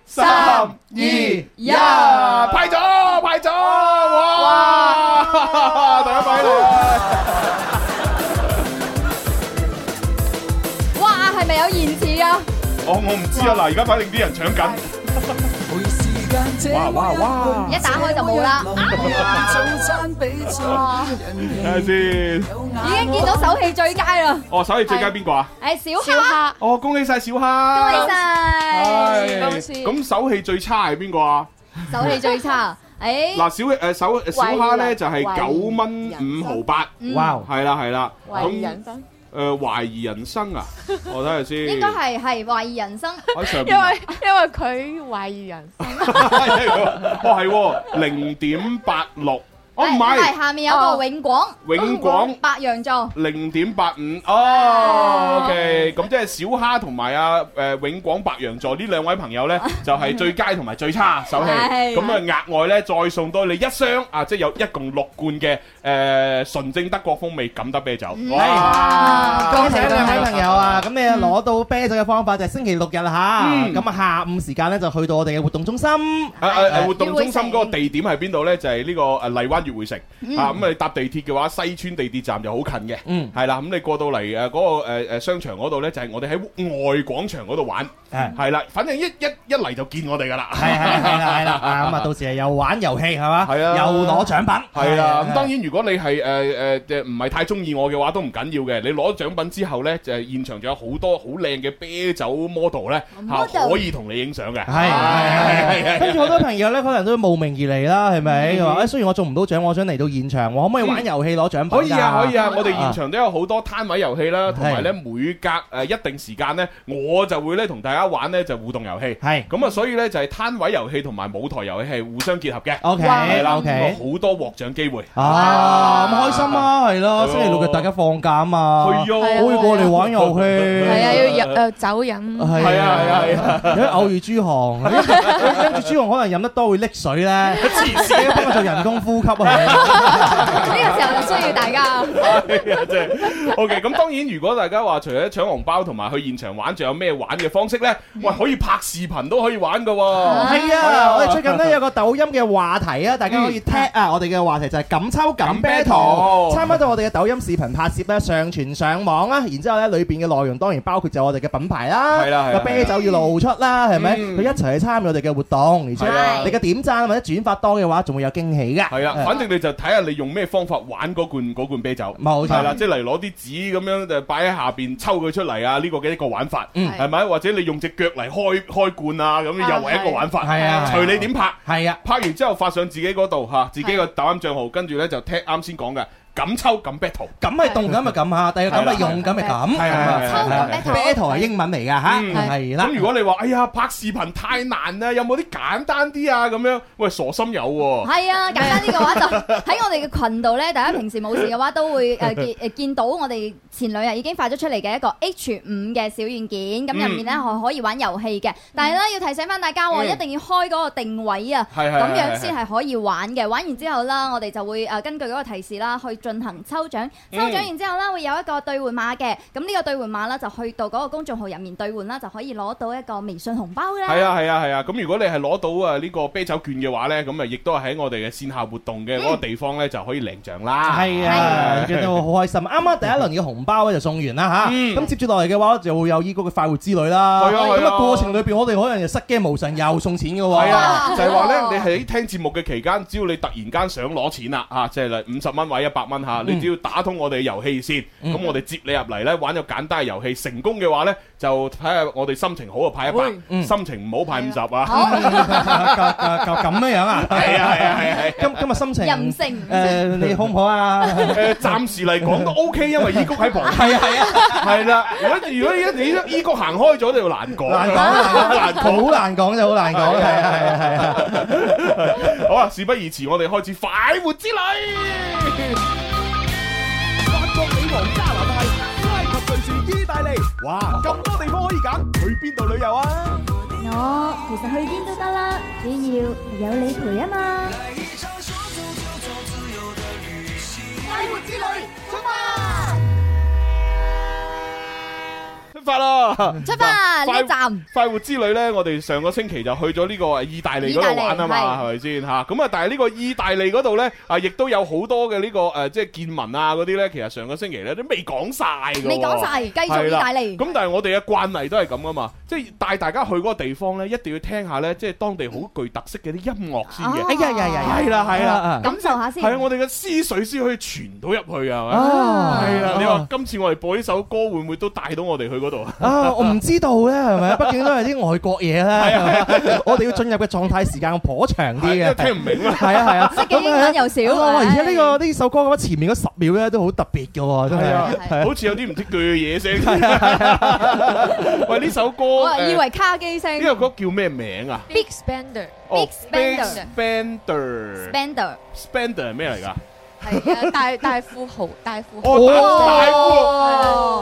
三、二、一，派咗，派咗，哇！大家快啦。哇，係咪有延遲啊？我我唔知啊，嗱，而家快令啲人搶緊。哇哇哇！一打開就冇啦，睇下先？已經見到手氣最佳啦！哦，手氣最佳邊個啊？誒，小蝦！哦，恭喜晒小蝦！恭喜晒！咁手氣最差係邊個啊？手氣最差誒！嗱，小誒手小蝦咧就係九蚊五毫八，哇！係啦係啦，咁。誒、呃、懷疑人生啊！我睇下先，應該係係懷疑人生，因為 <laughs> 因為佢懷疑人生，哦，係喎，零點八六。我唔係，係下面有個永廣，永廣白羊座零點八五哦，OK，咁即係小蝦同埋啊誒永廣白羊座呢兩位朋友咧，就係最佳同埋最差手氣，咁啊額外咧再送多你一箱啊，即係有一共六罐嘅誒純正德國風味甘得啤酒，哇！恭喜兩位朋友啊，咁你攞到啤酒嘅方法就係星期六日啦吓，咁啊下午時間咧就去到我哋嘅活動中心，誒誒活動中心嗰個地點喺邊度咧就係呢個誒荔灣。越會食啊！咁啊，你搭地鐵嘅話，西村地鐵站就好近嘅，係啦。咁你過到嚟誒，嗰個誒誒商場嗰度咧，就係我哋喺外廣場嗰度玩，係啦。反正一一一嚟就見我哋噶啦，係係係啦係啦。咁啊，到時啊又玩遊戲係嘛，係啊，又攞獎品，係啦。咁當然如果你係誒誒誒唔係太中意我嘅話，都唔緊要嘅。你攞獎品之後咧，就係現場仲有好多好靚嘅啤酒 model 咧吓，可以同你影相嘅，係係係。跟住好多朋友咧，可能都慕名而嚟啦，係咪？話誒，雖然我中唔到獎。我想嚟到現場，我可唔可以玩遊戲攞獎品？可以啊，可以啊！我哋現場都有好多攤位遊戲啦，同埋咧每隔誒一定時間咧，我就會咧同大家玩咧就互動遊戲。係咁啊，所以咧就係攤位遊戲同埋舞台遊戲係互相結合嘅。OK，係啦，OK，好多獲獎機會。啊咁開心啊，係囉，星期六日大家放假啊嘛，可以過嚟玩遊戲。係啊，要入誒酒飲。係啊係啊係啊！偶遇朱紅，跟住朱紅可能飲得多會溺水咧。自然死啊！咁我就做人工呼吸啊！呢個時候就需要大家 OK。咁當然，如果大家話除咗搶紅包同埋去現場玩，仲有咩玩嘅方式呢？喂，可以拍視頻都可以玩㗎喎、哦！啊，啊，我哋最近咧有個抖音嘅話題啊，大家可以 tag、嗯、啊。我哋嘅話題就係、是「敢抽敢啤酒」，參加到我哋嘅抖音視頻拍攝咧，上傳上網啦。然之後呢裏邊嘅內容當然包括就我哋嘅品牌啦，個啤、嗯、酒要露出啦，係咪？佢、嗯、一齊去參與我哋嘅活動，而且你嘅點讚或者轉發多嘅話，仲會有驚喜㗎！係啊。反正你就睇下你用咩方法玩嗰罐罐啤酒，冇錯，啦、啊，即係嚟攞啲紙咁樣就擺喺下邊抽佢出嚟啊！呢、呢個嘅一個玩法，嗯，係咪？或者你用隻腳嚟開開罐啊？咁又係一個玩法，係、嗯、啊，啊隨你點拍，係啊，拍完之後發上自己嗰度嚇，自己個抖音帳號，跟住咧就聽啱先講嘅。咁抽咁 battle，咁係動咁咪咁吓，但係咁咪用咁咪咁，係啊。抽咁 battle，battle 係英文嚟噶吓，係啦。咁如果你話哎呀拍視頻太難啦，有冇啲簡單啲啊咁樣？喂，傻心有喎。係啊，簡單啲嘅話就喺我哋嘅群度咧，大家平時冇事嘅話都會誒見誒見到我哋前兩日已經發咗出嚟嘅一個 H 五嘅小軟件，咁入面咧可可以玩遊戲嘅。但係咧要提醒翻大家，一定要開嗰個定位啊，咁樣先係可以玩嘅。玩完之後啦，我哋就會誒根據嗰個提示啦去。進行抽獎，抽獎完之後咧，會有一個兌換碼嘅。咁呢個兌換碼呢，就去到嗰個公眾號入面兌換啦，就可以攞到一個微信紅包啦。係啊係啊係啊！咁如果你係攞到啊呢個啤酒券嘅話呢，咁啊亦都係喺我哋嘅線下活動嘅嗰個地方呢，就可以領獎啦。係啊，都好開心。啱啱第一輪嘅紅包呢，就送完啦嚇，咁接住落嚟嘅話就會有依個嘅快活之旅啦。係啊係啊！咁啊過程裏邊，我哋可能就失驚無神，又送錢嘅喎。係啊，就係話呢，你喺聽節目嘅期間，只要你突然間想攞錢啦嚇，即係五十蚊或一百蚊。嗯，你只要打通我哋嘅遊戲先，咁我哋接你入嚟咧，玩個簡單嘅遊戲，成功嘅話咧。就睇下我哋心情好就派一百，心情唔好派五十啊，咁咁樣樣啊？係啊係啊係係。今今日心情，任性誒你好唔好啊？誒暫時嚟講都 OK，因為依谷喺旁。係啊係啊，係啦。如果如果依依 E 行開咗，就難講。難講難，好難講就好難講嘅係啊係啊係啊。好啊，事不宜遲，我哋開始快活之旅。法國、女王加拿大、埃及、瑞士、意大利。哇！咁。去邊度旅遊啊？我其實去邊都得啦，主要有你陪啊嘛！來一場說走就走自由的旅行，快活之旅，出發！出發。出發咯！出發啊！快站快活之旅呢，我哋上個星期就去咗呢個意大利嗰度玩啊嘛，係咪先嚇？咁啊吧，但係呢個意大利嗰度呢，啊，亦都有好多嘅呢、呢個誒、啊，即係見聞啊嗰啲呢。其實上個星期呢，都未講晒，未講晒，繼續意大利。咁但係我哋嘅慣例都係咁噶嘛，即係帶大家去嗰個地方呢，一定要聽下呢，即係當地好具特色嘅啲音樂先嘅、哦哎。哎呀呀呀，係啦係啦，啦啦感受下先。係啊，我哋嘅思緒先可以傳到入去啊。係啦，你話今次我哋播呢首歌會唔會都帶到我哋去嗰？啊！我唔知道咧，係咪？畢竟都係啲外國嘢咧。我哋要進入嘅狀態時間頗長啲嘅。聽唔明咯？係啊係啊。即係英文又少。而家呢個呢首歌嘅話，前面嗰十秒咧都好特別嘅，真係。好似有啲唔知鋸嘅嘢聲。喂，呢首歌，我以為卡機聲。呢個歌叫咩名啊？Big Spender。Big Spender。Spender。Spender。Spender 係咩嚟噶？係啊！Oh. Oh. 歸歸大大富豪，大富豪，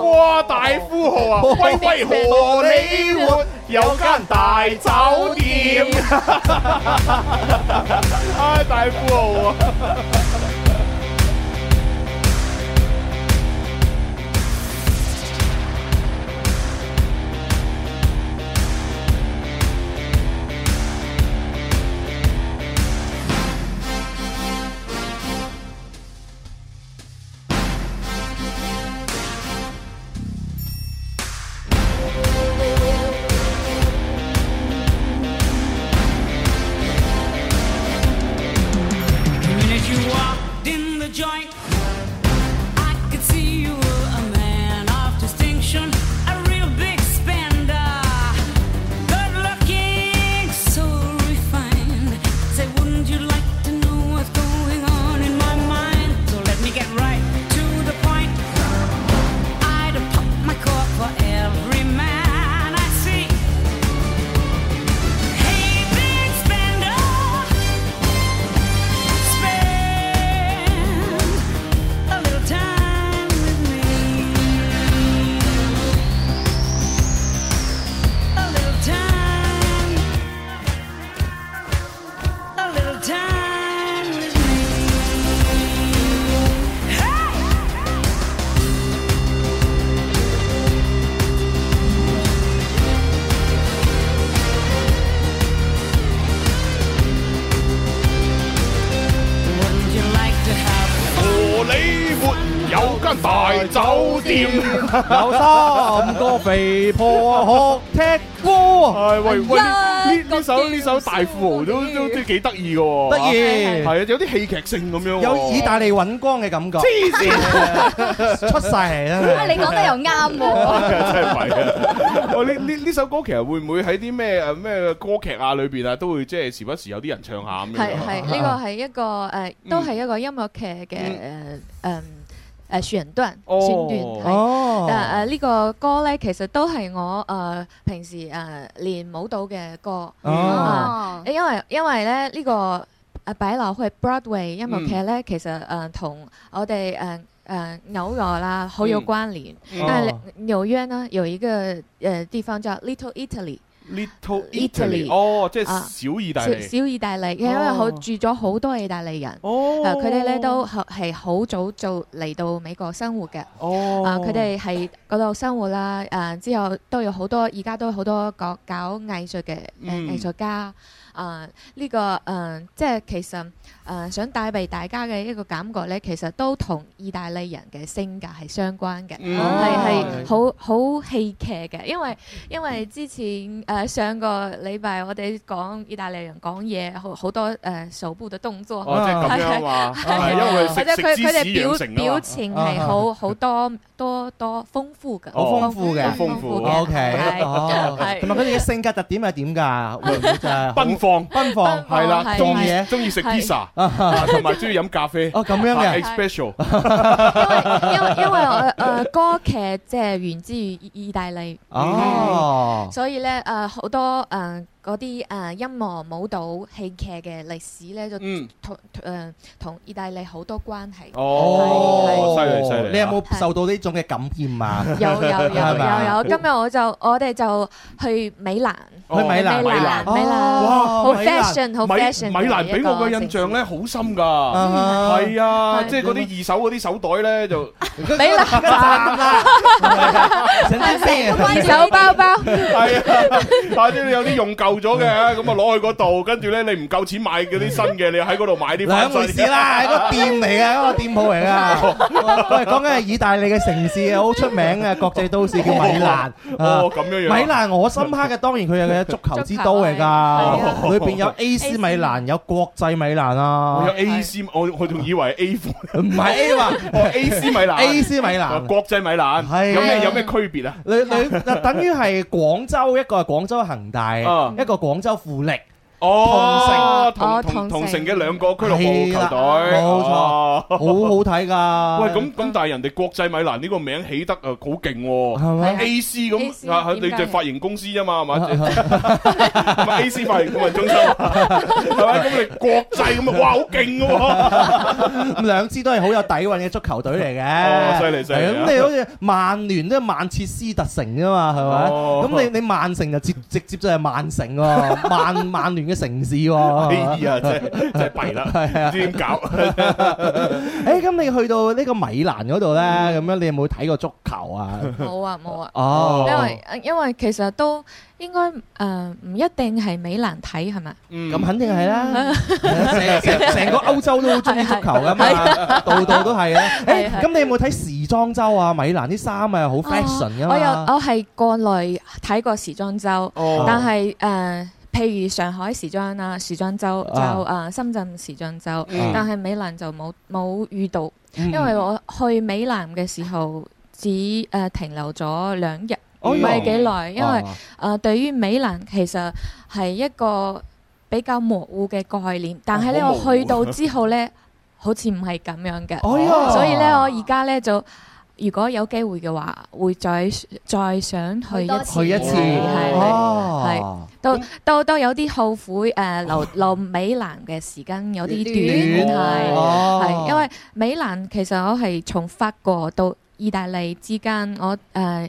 哇！大富豪啊，威威荷里活有間大酒店，哈哈哈哈哈！大富豪啊！有三個肥婆學踢波係喂，喂，呢呢首呢首大富豪都都都幾得意嘅喎，得意係啊，有啲戲劇性咁樣，有意大利搵光嘅感覺，黐線出世啊！你講得又啱喎，真係！係啊！哦，呢呢呢首歌其實會唔會喺啲咩誒咩歌劇啊裏邊啊，都會即係時不時有啲人唱下咁樣？係係，呢個係一個誒，都係一個音樂劇嘅誒誒。誒、啊、選段，oh. 選段係，oh. 但係呢、啊呢個歌咧，其實都係我誒、呃、平時誒、呃、練舞蹈嘅歌、oh. 啊。因為因為咧呢、呢個誒、啊、擺落去 Broadway 音樂劇咧，mm. 其實誒、呃、同我哋誒誒紐約啦好有關聯，聯。但係紐約呢有一個誒、呃、地方叫 Little Italy。呢套 Little Italy, Italy 哦，即係小意大利、啊小，小意大利，因為佢、哦、住咗好多意大利人，哦、啊，佢哋咧都係好早就嚟到美國生活嘅，哦、啊，佢哋係嗰度生活啦，啊、嗯，之後都有好多，而家都好多個搞藝術嘅藝術家，嗯、啊，呢、呢個啊、嗯，即係其實啊、呃，想帶備大家嘅一個感覺咧，其實都同意大利人嘅性格係相關嘅，係係好好戲劇嘅，因為因為，因為之前。誒上個禮拜我哋講意大利人講嘢，好好多誒手部嘅動作，或者佢佢哋表表情係好好多多多豐富嘅，好豐富嘅，OK，同埋佢哋嘅性格特點係點㗎？就奔放，奔放係啦，中意中意食 pizza，同埋中意飲咖啡。哦咁樣嘅，因為因為我誒歌劇即係源自於意大利，所以咧誒。啊、好多誒。呃嗰啲誒，音樂、舞蹈、戲劇嘅歷史咧就同誒同意大利好多關係。哦，犀利犀利！你有冇受到呢種嘅感染啊？有有有有有！今日我就我哋就去米蘭，去米蘭米蘭米蘭，哇！好 fashion，好 fashion。米米蘭俾我嘅印象咧好深㗎，係啊，即係嗰啲二手嗰啲手袋咧就米蘭啦，小心先，手包包。係啊，快啲你有啲用舊。做咗嘅咁啊，攞去嗰度，跟住咧你唔夠錢買嗰啲新嘅，你喺嗰度買啲。嗱，兩回事啦，喺個店嚟嘅，喺個店鋪嚟嘅。講緊係意大利嘅城市好出名嘅國際都市叫米蘭。哦，咁樣樣。米蘭我深刻嘅當然佢有嘅足球之都嚟㗎，裏邊有 AC 米蘭，有國際米蘭啊。有 AC，我我仲以為 A 唔係 A 話，AC 米蘭，AC 米蘭，國際米蘭。係有咩有咩區別啊？你你等於係廣州一個係廣州恒大一個廣州富力。哦，同同同城嘅兩個俱樂部球隊，冇錯，好好睇㗎。喂，咁咁但係人哋國際米蘭呢個名起得啊，好勁喎！A.C. 咁啊，你哋髮型公司啊嘛，係咪？A.C. 髮型中心，係咪？咁你國際咁啊，哇，好勁㗎喎！兩支都係好有底蘊嘅足球隊嚟嘅，犀利犀利。咁你好似曼聯都係曼徹斯特城啊嘛，係咪？咁你你曼城就直直接就係曼城喎，曼曼聯。城市喎，依啊，真真係弊啦，唔知點搞。哎，咁你去到呢個米蘭嗰度咧，咁樣你有冇睇過足球啊？冇啊，冇啊。哦，因為因為其實都應該誒，唔一定係米蘭睇係咪？咁肯定係啦，成成個歐洲都好中意足球噶嘛，度度都係啊。哎，咁你有冇睇時裝周啊？米蘭啲衫啊，好 fashion 噶嘛我有，我係國內睇過時裝周，但係誒。譬如上海時裝啊，時裝周就誒深圳時裝周，嗯、但係米蘭就冇冇遇到，因為我去米蘭嘅時候只誒停留咗兩日，唔係幾耐，因為誒、啊啊、對於米蘭其實，係一個比較模糊嘅概念，但係咧我去到之後咧，好似唔係咁樣嘅，啊、所以咧我而家咧就。如果有機會嘅話，會再再想去一次，去一次係，係都都都有啲後悔誒、呃、留留米蘭嘅時間有啲短，係係， <laughs> 啊、因為米蘭其實我係從法國到意大利之間，我誒。呃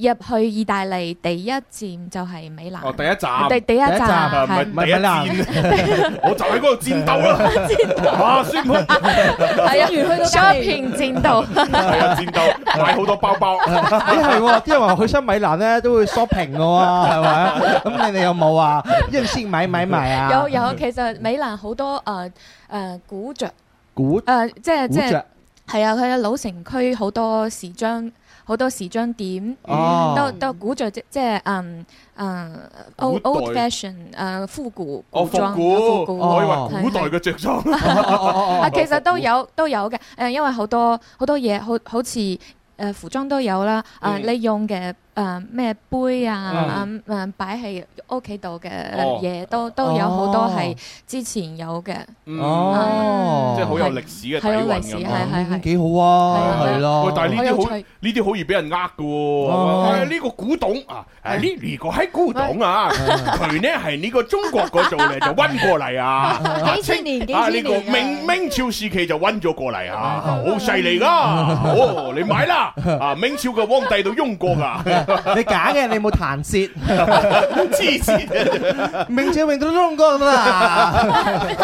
入去意大利第一站就係米蘭哦，第一站，第第一站，係米蘭。我就喺嗰度戰鬥啦！哇，孫輩，係啊，shopping 戰鬥，係啊，戰鬥買好多包包。咦，係喎，啲人話去新米蘭咧都會 shopping 嘅喎，係咪？咁你哋有冇啊？任性買買買啊！有有，其實米蘭好多誒誒古著？古誒，即係即係係啊，佢嘅老城區好多時裝。好多時裝店，嗯、都都古著即係嗯誒 old old fashion 誒復古古裝，復、哦、古，啊古，啊、古代嘅著裝。 <laughs> 啊，其實都有都有嘅，誒，因為好多好多嘢，好好似誒、呃、服裝都有啦，誒、嗯，你用嘅。咩杯啊啊！擺喺屋企度嘅嘢都都有好多係之前有嘅，哦，即係好有歷史嘅底藴嘅，咁幾好啊，係咯。但係呢啲好呢啲好易俾人呃㗎喎。係呢個古董啊，呢如果係古董啊，佢呢，係呢個中國嗰度咧就運過嚟啊，幾千年，啊呢個明明朝時期就運咗過嚟啊，好犀利㗎，好你買啦啊明朝嘅皇帝都用過噶。你假嘅，你冇彈舌，黐 <laughs> 線， <music> <laughs> 明照明到窿哥咁啊！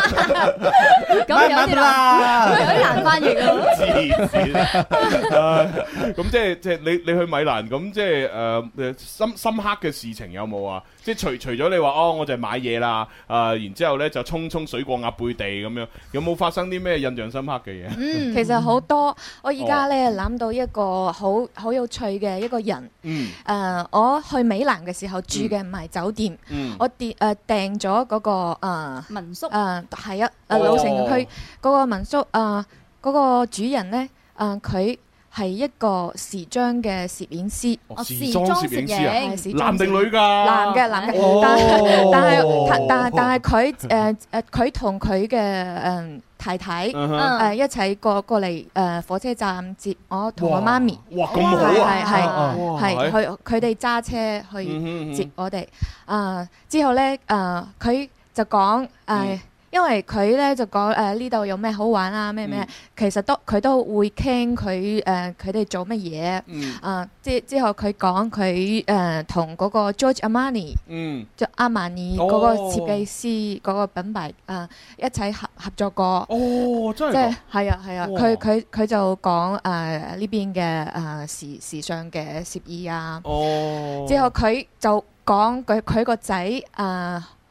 咁有啲難翻譯啊，黐線！咁即係即係你你去米蘭咁即係誒深深刻嘅事情有冇啊？即係除除咗你話哦，我就係買嘢啦，誒，然之後咧就沖沖水過鴨背地咁樣，有冇發生啲咩印象深刻嘅嘢？嗯，其實好多，我而家咧諗到一個好好有趣嘅一個人，嗯。誒、呃，我去米蘭嘅時候住嘅唔係酒店，嗯、我訂誒訂咗嗰個民宿誒，係啊誒老城區嗰個民宿誒，嗰、嗰個主人咧誒，佢、呃、係一個時裝嘅攝影師、哦，時裝攝影師、啊、男定女㗎？男嘅男嘅，但係但係但但係佢誒誒，佢同佢嘅誒。呃呃太太，誒、uh huh. 呃、一齊過過嚟誒、呃、火車站接我同我媽咪。哇，咁好啊！係係係，佢哋揸車去接我哋。啊、嗯嗯呃，之後咧，啊、呃、佢就講誒。呃嗯因為佢咧就講誒，呢度有咩好玩啊？咩咩，什麼什麼嗯、其實都佢都會傾佢誒佢哋做乜嘢、嗯、啊，之之後佢講佢誒同嗰個 George Armani、嗯、就阿曼尼嗰個設計師嗰、哦、個品牌啊、呃、一齊合合作過，哦、真即係，係啊係啊，佢佢佢就講誒呢邊嘅誒時時尚嘅攝意啊，哦，之後佢就講佢佢個仔啊。呃呃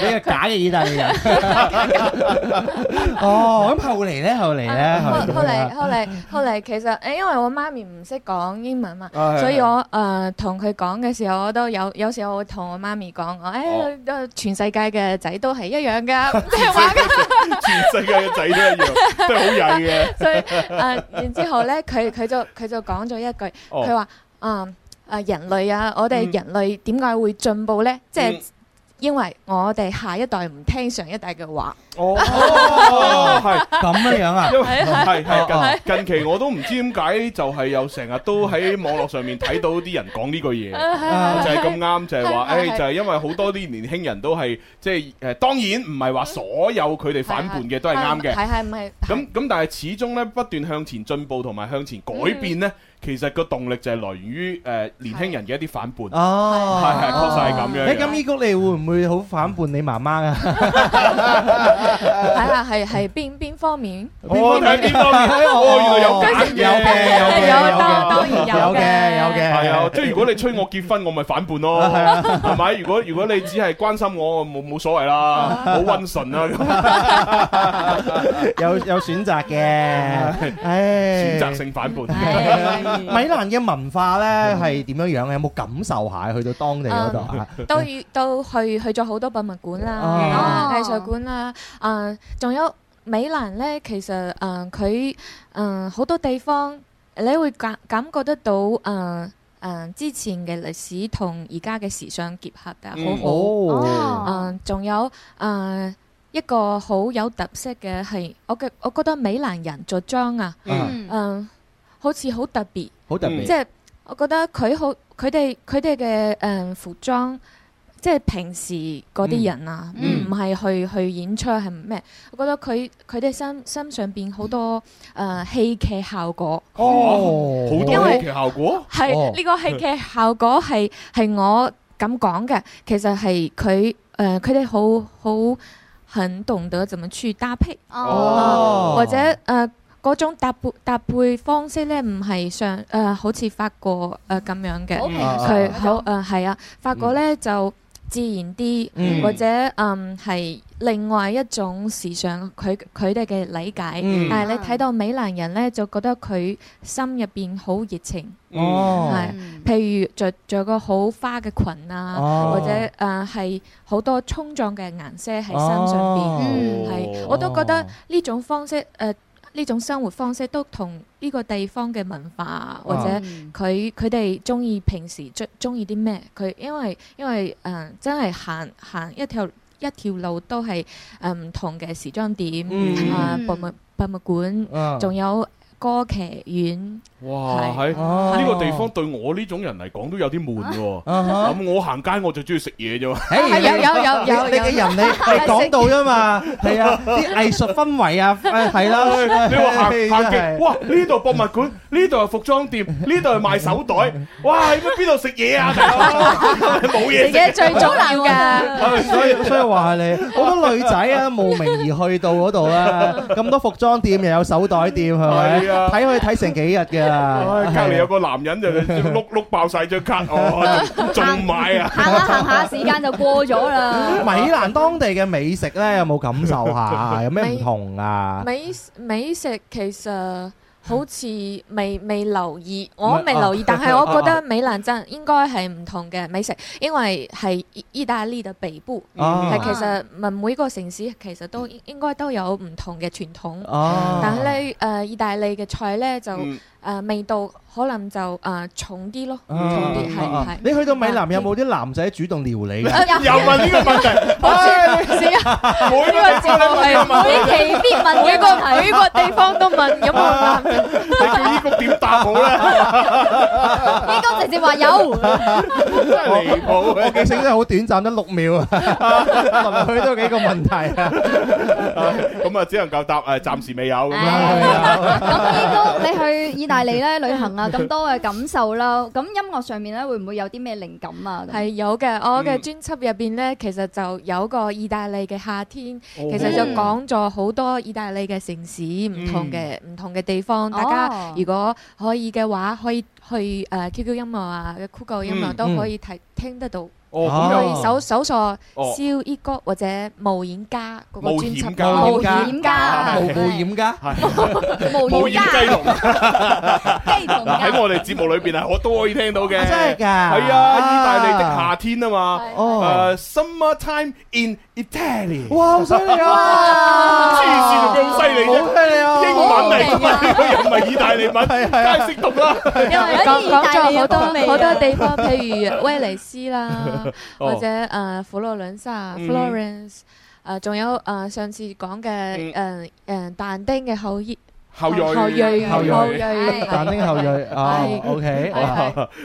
你個假嘅意大利人。哦，咁後嚟咧，後嚟咧，後後嚟後嚟後嚟，其實誒，因為我媽咪唔識講英文嘛，所以我誒同佢講嘅時候，我都有有時候會同我媽咪講，我誒，全世界嘅仔都係一樣噶，即係話嘅，全世界嘅仔都一樣，真係好曳嘅。所以誒，然之後咧，佢佢就佢就講咗一句，佢話啊啊人類啊，我哋人類點解會進步咧？即係。因為我哋下一代唔聽上一代嘅話。哦，係咁樣樣啊！係係係近近期我都唔知點解，就係有成日都喺網絡上面睇到啲人講呢句嘢，就係咁啱，就係話，誒，就係因為好多啲年輕人都係即係誒，當然唔係話所有佢哋反叛嘅都係啱嘅。係係唔係？咁咁，但係始終咧不斷向前進步同埋向前改變咧。其實個動力就係來源於誒年輕人嘅一啲反叛哦，係係確實係咁樣。誒，咁伊谷你會唔會好反叛你媽媽啊？睇下係係邊邊方面？邊邊邊方面啊？哦，原來有嘅，有嘅，有，當當然有嘅，有嘅，係啊。即係如果你催我結婚，我咪反叛咯，係咪？如果如果你只係關心我，冇冇所謂啦，好溫順啊，有有選擇嘅，誒，選擇性反叛。米蘭嘅文化咧係點樣樣？有冇感受下？去到當地嗰度、嗯、 <laughs> 都都去去咗好多博物館啦、藝術館啦。啊、呃，仲有米蘭咧，其實誒佢誒好多地方你會感感覺得到誒誒、呃呃、之前嘅歷史同而家嘅時尚結合嘅好好。嗯，仲、哦嗯、有誒、呃、一個好有特色嘅係我嘅，我覺得米蘭人着裝啊，嗯。嗯嗯好似好特別，好特別。即係我覺得佢好，佢哋佢哋嘅誒服裝，即係平時嗰啲人啊，唔係去去演出係咩？我覺得佢佢哋身身上邊好多誒戲劇效果。哦，好多戲劇效果。因為呢個戲劇效果係係我咁講嘅，其實係佢誒佢哋好好很懂得怎麼去搭配。哦，或者嗰種搭配搭配方式咧，唔係上誒好似法國誒咁樣嘅，佢好誒係啊。法國咧就自然啲，或者誒係另外一種時尚，佢佢哋嘅理解。但係你睇到米蘭人咧，就覺得佢心入邊好熱情，係。譬如着著個好花嘅裙啊，或者誒係好多衝撞嘅顏色喺身上邊，係我都覺得呢種方式誒。呢種生活方式都同呢個地方嘅文化，啊、或者佢佢哋中意平時中中意啲咩？佢因為因為誒、呃、真係行行一條一條路都係誒唔同嘅時裝店、嗯、啊博物博物館，仲、啊、有。歌劇院哇，喺呢個地方對我呢種人嚟講都有啲悶喎。咁我行街我就中意食嘢啫。係有有有有，你嘅人你係講到啫嘛。係啊，啲藝術氛圍啊，係啦。你話行行極，哇！呢度博物館，呢度係服裝店，呢度係賣手袋。哇！咁邊度食嘢啊？冇嘢食嘅最遭難噶。所以所以話你好多女仔啊，慕名而去到嗰度啊。咁多服裝店又有手袋店，係咪？睇可以睇成幾日嘅。隔籬有個男人 <laughs> 就碌碌爆晒張卡，我、哦、仲 <laughs> 買啊！ <laughs> 行下行下，時間就過咗啦。 <laughs> 米蘭當地嘅美食咧，有冇感受下？有咩唔同啊？美美食其實。好似未未留意，我未留意，啊、但係我覺得米蘭真應該係唔同嘅美食，因為係意大利嘅北部，係、嗯、其實文每個城市其實都應該都有唔同嘅傳統，啊、但係咧誒，意大利嘅菜咧就、嗯。誒味道可能就誒重啲咯，重啲，係係。你去到米蘭有冇啲男仔主動撩你？又問呢個問題，每一個地方都問咁啊？伊谷點答好咧？呢個直接話有，真係離譜嘅。我記性真係好短暫，得六秒啊！問佢多幾個問題，咁啊只能夠答誒，暫時未有咁樣。咁呢個你去以大利咧，旅行啊，咁多嘅感受啦，咁音樂上面咧會唔會有啲咩靈感啊？係有嘅，我嘅專輯入邊咧，其實就有個意大利嘅夏天，哦、其實就講咗好多意大利嘅城市，唔同嘅、嗯、唔同嘅、嗯、地方。哦、大家如果可以嘅話，可以去誒、uh, QQ 音樂啊、酷狗音樂、嗯、都可以睇、聽得到。去搜搜索肖伊谷或者冒險家嗰個專輯，冒險家，冒險家，冒險家，冒險家同，同喺我哋節目裏邊係，我都可以聽到嘅。真係噶？係啊，意大利的夏天啊嘛，誒，Summertime in Italy，哇，好犀利啊，黐線仲更犀利，好犀利啊，英文嚟，又唔係意大利文，梗係識讀啦。因為講講咗好多好多地方，譬如威尼斯啦。或者誒，佛羅倫薩 （Florence） 誒，仲有誒，上次講嘅誒誒但丁嘅後裔後裔後裔但丁後裔啊，OK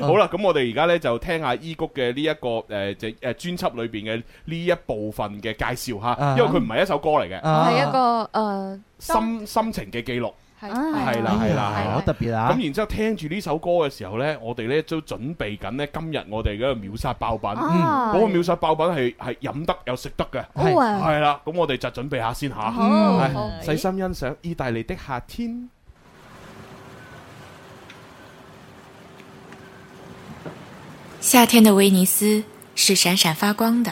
好啦，咁我哋而家咧就聽下伊谷嘅呢一個誒即誒專輯裏邊嘅呢一部分嘅介紹吓，因為佢唔係一首歌嚟嘅，係一個誒心心情嘅記錄。係啦，係啦，係啦，好特別啊！咁然之後聽住呢首歌嘅時候呢，我哋呢都準備緊呢今日我哋嗰個秒殺爆品，嗰個秒殺爆品係係飲得又食得嘅，係啦，咁我哋就準備下先吓，細心欣賞《意大利的夏天》。夏天的威尼斯是閃閃發光的。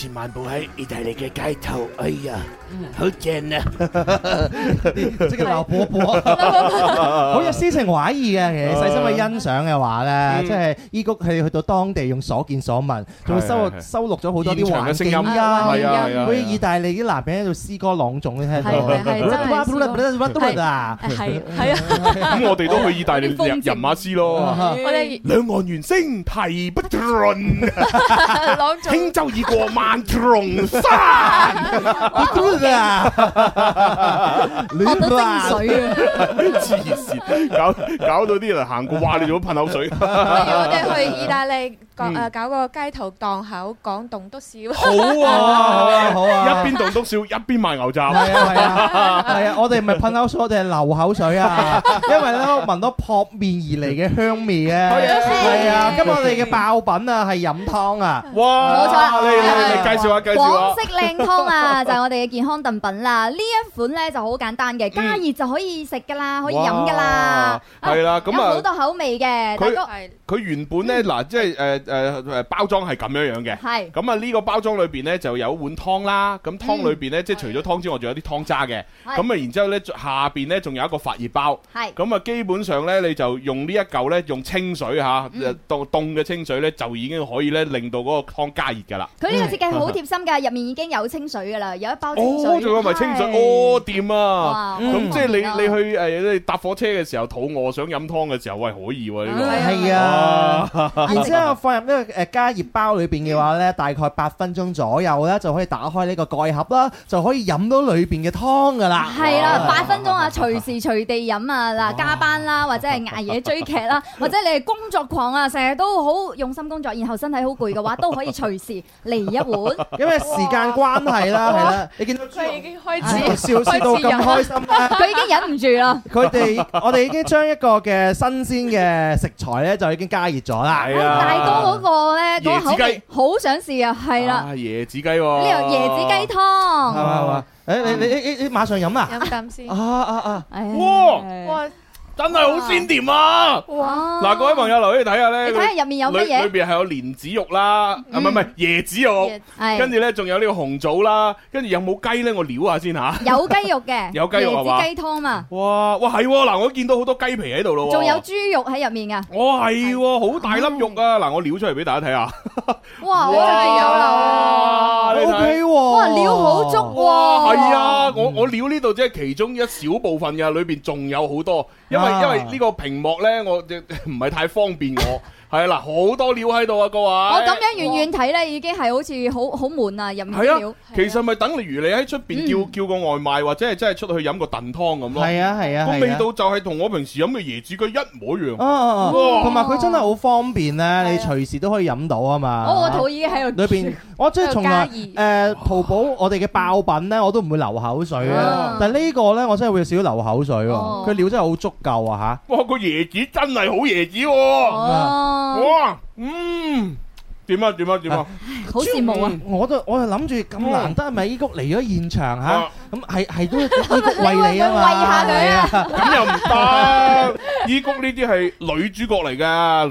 似漫步喺意大利嘅街頭，哎呀，好正啊！即係個老婆婆，好有詩情畫意嘅，其實細心去欣賞嘅話咧，即係伊谷去去到當地用所見所聞，仲會收收錄咗好多啲環境聲音啊，係啊，好似意大利啲男人喺度詩歌朗誦嘅，係係，都搵到啦，係係啊，咁我哋都去意大利人馬斯咯，我哋兩岸猿聲啼不亂，朗誦輕舟已過萬，山，我凍水啊！黐 <noise> 線 <laughs> 也怕， <laughs> 搞搞到啲人行過哇你仲噴口水。 <laughs> 我要我哋去意大利。誒，搞個街頭檔口講棟篤笑，好啊，好啊，好啊，一邊棟篤笑，一邊賣牛雜，係啊，係啊，我哋唔係噴口水，我哋係流口水啊，因為咧聞到撲面而嚟嘅香味啊，係啊，今日我哋嘅爆品啊係飲湯啊，哇，冇錯啦，介紹下，介紹下，廣式靚湯啊，就係我哋嘅健康燉品啦，呢一款咧就好簡單嘅，加熱就可以食噶啦，可以飲噶啦，係啦，咁啊，好多口味嘅，佢佢原本咧嗱，即係誒。誒，包裝係咁樣樣嘅，係咁啊，呢個包裝裏邊呢就有一碗湯啦，咁湯裏邊呢，即係除咗湯之外，仲有啲湯渣嘅，咁啊然之後呢，下邊呢仲有一個發熱包，係咁啊，基本上呢，你就用呢一嚿呢，用清水吓，凍嘅清水呢，就已經可以呢令到嗰個湯加熱㗎啦。佢呢個設計好貼心㗎，入面已經有清水㗎啦，有一包清水。哦，仲有埋清水，哦，掂啊！咁即係你你去誒搭火車嘅時候肚餓想飲湯嘅時候，喂可以喎呢個啊。咁咧誒加熱包裏邊嘅話咧，大概八分鐘左右咧，就可以打開呢個蓋盒啦，就可以飲到裏邊嘅湯噶啦。係啦，八分鐘啊，隨時隨地飲啊，嗱，加班啦，或者係捱夜追劇啦，哦、或者你係工作狂啊，成日都好用心工作，然後身體好攰嘅話，都可以隨時嚟一碗。因為時間關係啦，係啦哇，你見到佢已經開始笑笑到咁開心，佢已經忍唔住啦。佢哋我哋已經將一個嘅新鮮嘅食材咧，就已經加熱咗啦。大哥、啊。嗰個咧，嗰個口味好想試啊，係啦，椰子雞喎、啊，呢個椰子雞湯，係咪啊？誒、欸、你你你你，你馬上飲啦，飲啖先啊啊啊！啊啊啊哇！哇真係好鮮甜啊！哇！嗱，各位朋友留喺度睇下咧，你睇下入面有乜嘢？裏邊係有蓮子肉啦，唔係唔係椰子肉，跟住咧仲有呢個紅棗啦，跟住有冇雞咧？我撩下先吓。有雞肉嘅，有雞肉啊！椰子雞湯啊。哇哇係！嗱，我見到好多雞皮喺度咯。仲有豬肉喺入面啊！我係，好大粒肉啊！嗱，我撩出嚟俾大家睇下。哇！我入邊有啊。O K 哇！料好足喎。係啊，我我料呢度即係其中一小部分噶，裏邊仲有好多。因為，因為呢個屏幕咧，我唔係 <laughs> 太方便我。 <laughs> 係啦，好多料喺度啊，各位！我咁樣遠遠睇咧，已經係好似好好悶啊，入面。係啊，其實咪等如你喺出邊叫叫個外賣，或者係真係出去飲個燉湯咁咯。係啊，係啊，個味道就係同我平時飲嘅椰子佢一模一樣。同埋佢真係好方便咧，你隨時都可以飲到啊嘛。我個肚已經喺度。裏邊，我真係從啊，誒，淘寶我哋嘅爆品咧，我都唔會流口水啊。但係呢個咧，我真係會少流口水。佢料真係好足夠啊！吓，哇，個椰子真係好椰子。哦。哇，嗯，點啊點啊點啊，好羨慕啊，啊！我都我係諗住咁難得，咪、啊，伊谷嚟咗現場吓，咁係係都伊谷喂你啊嘛，喂下你 <laughs> 啊，咁 <laughs> 又唔得，伊谷呢啲係女主角嚟噶。啊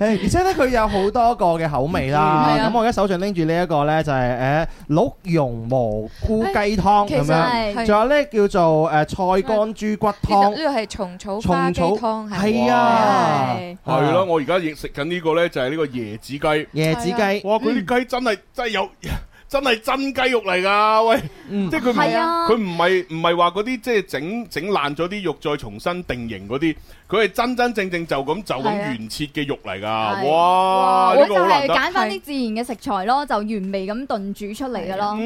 誒，而且咧佢有好多個嘅口味啦。咁我而家手上拎住呢一個咧，就係誒鹿茸蘑菇雞湯咁樣。仲有咧叫做誒菜乾豬骨湯。呢個係蟲草花雞湯係啊，係咯，我而家食食緊呢個咧，就係呢個椰子雞。椰子雞，哇！佢啲雞真係真係有～真係真雞肉嚟噶，喂！即係佢佢唔係唔係話嗰啲即係整整爛咗啲肉再重新定型嗰啲，佢係真真正正就咁就咁原切嘅肉嚟噶，哇！就係揀翻啲自然嘅食材咯，就原味咁燉煮出嚟噶咯，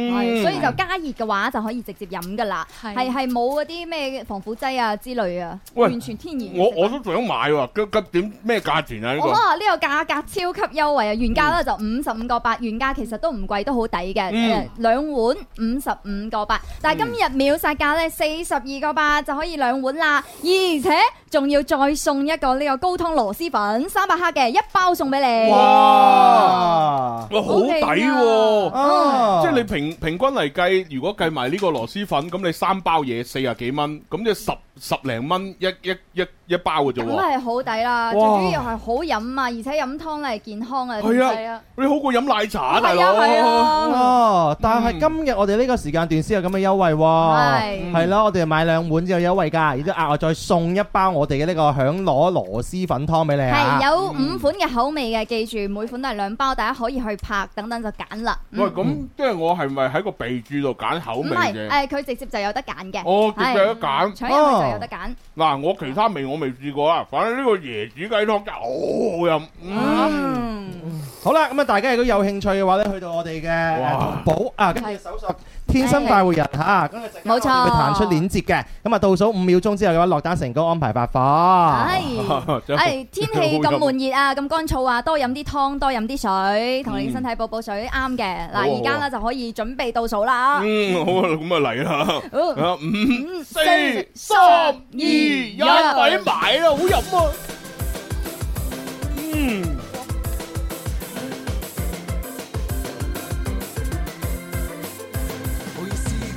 所以就加熱嘅話就可以直接飲噶啦，係係冇嗰啲咩防腐劑啊之類啊，完全天然。我我都想買喎，咁點咩價錢啊？我啊呢個價格超級優惠啊，原價咧就五十五個八，原價其實都唔貴，都好抵。嗯、嘅兩碗五十五個八，但今日秒殺價咧四十二個八就可以兩碗啦，而且，仲要再送一個呢個高湯螺螄粉三百克嘅，一包送俾你。哇，我哇好抵喎，啊！啊、即係你平平均嚟計，如果計埋呢個螺螄粉，咁你三包嘢四啊幾蚊，咁即係十十零蚊一一一一包嘅啫。咁係好抵啦！哇最主要係好飲啊，而且飲湯咧係健康啊。係啊，你好過飲奶茶大佬。係啊係啊，啊、啊，但係今日我哋呢個時間段先有咁嘅優惠，啊。係係咯，我哋買兩碗先有優惠噶，然之後額外再送一包我。我哋嘅呢個響螺螺螄粉湯俾你啊，係有五款嘅口味嘅，記住每款都係兩包，大家可以去拍等等就揀啦。嗯、喂，咁、嗯、即係我係咪喺個備注度揀口味嘅？誒，佢、呃、直接就有得揀嘅。哦，直接有得揀，嗯、搶入去就有得揀。嗱、啊啊，我其他味我未試過啊，反正呢個椰子雞湯真係好好飲。嗯，嗯嗯好啦，咁啊，大家如果有興趣嘅話咧，去到我哋嘅寶啊，跟住搜索。天生快活人嚇，冇錯。會彈出鏈接嘅，咁啊倒數五秒鐘之後嘅話落單成功安排發貨。係，誒天氣咁悶熱啊，咁乾燥啊，多飲啲湯，多飲啲水，同你身體補補水，啱嘅。嗱，而家呢就可以準備倒數啦。嗯，好啊，咁啊嚟啦。五、四、三、二、一，買啦，好飲啊。嗯。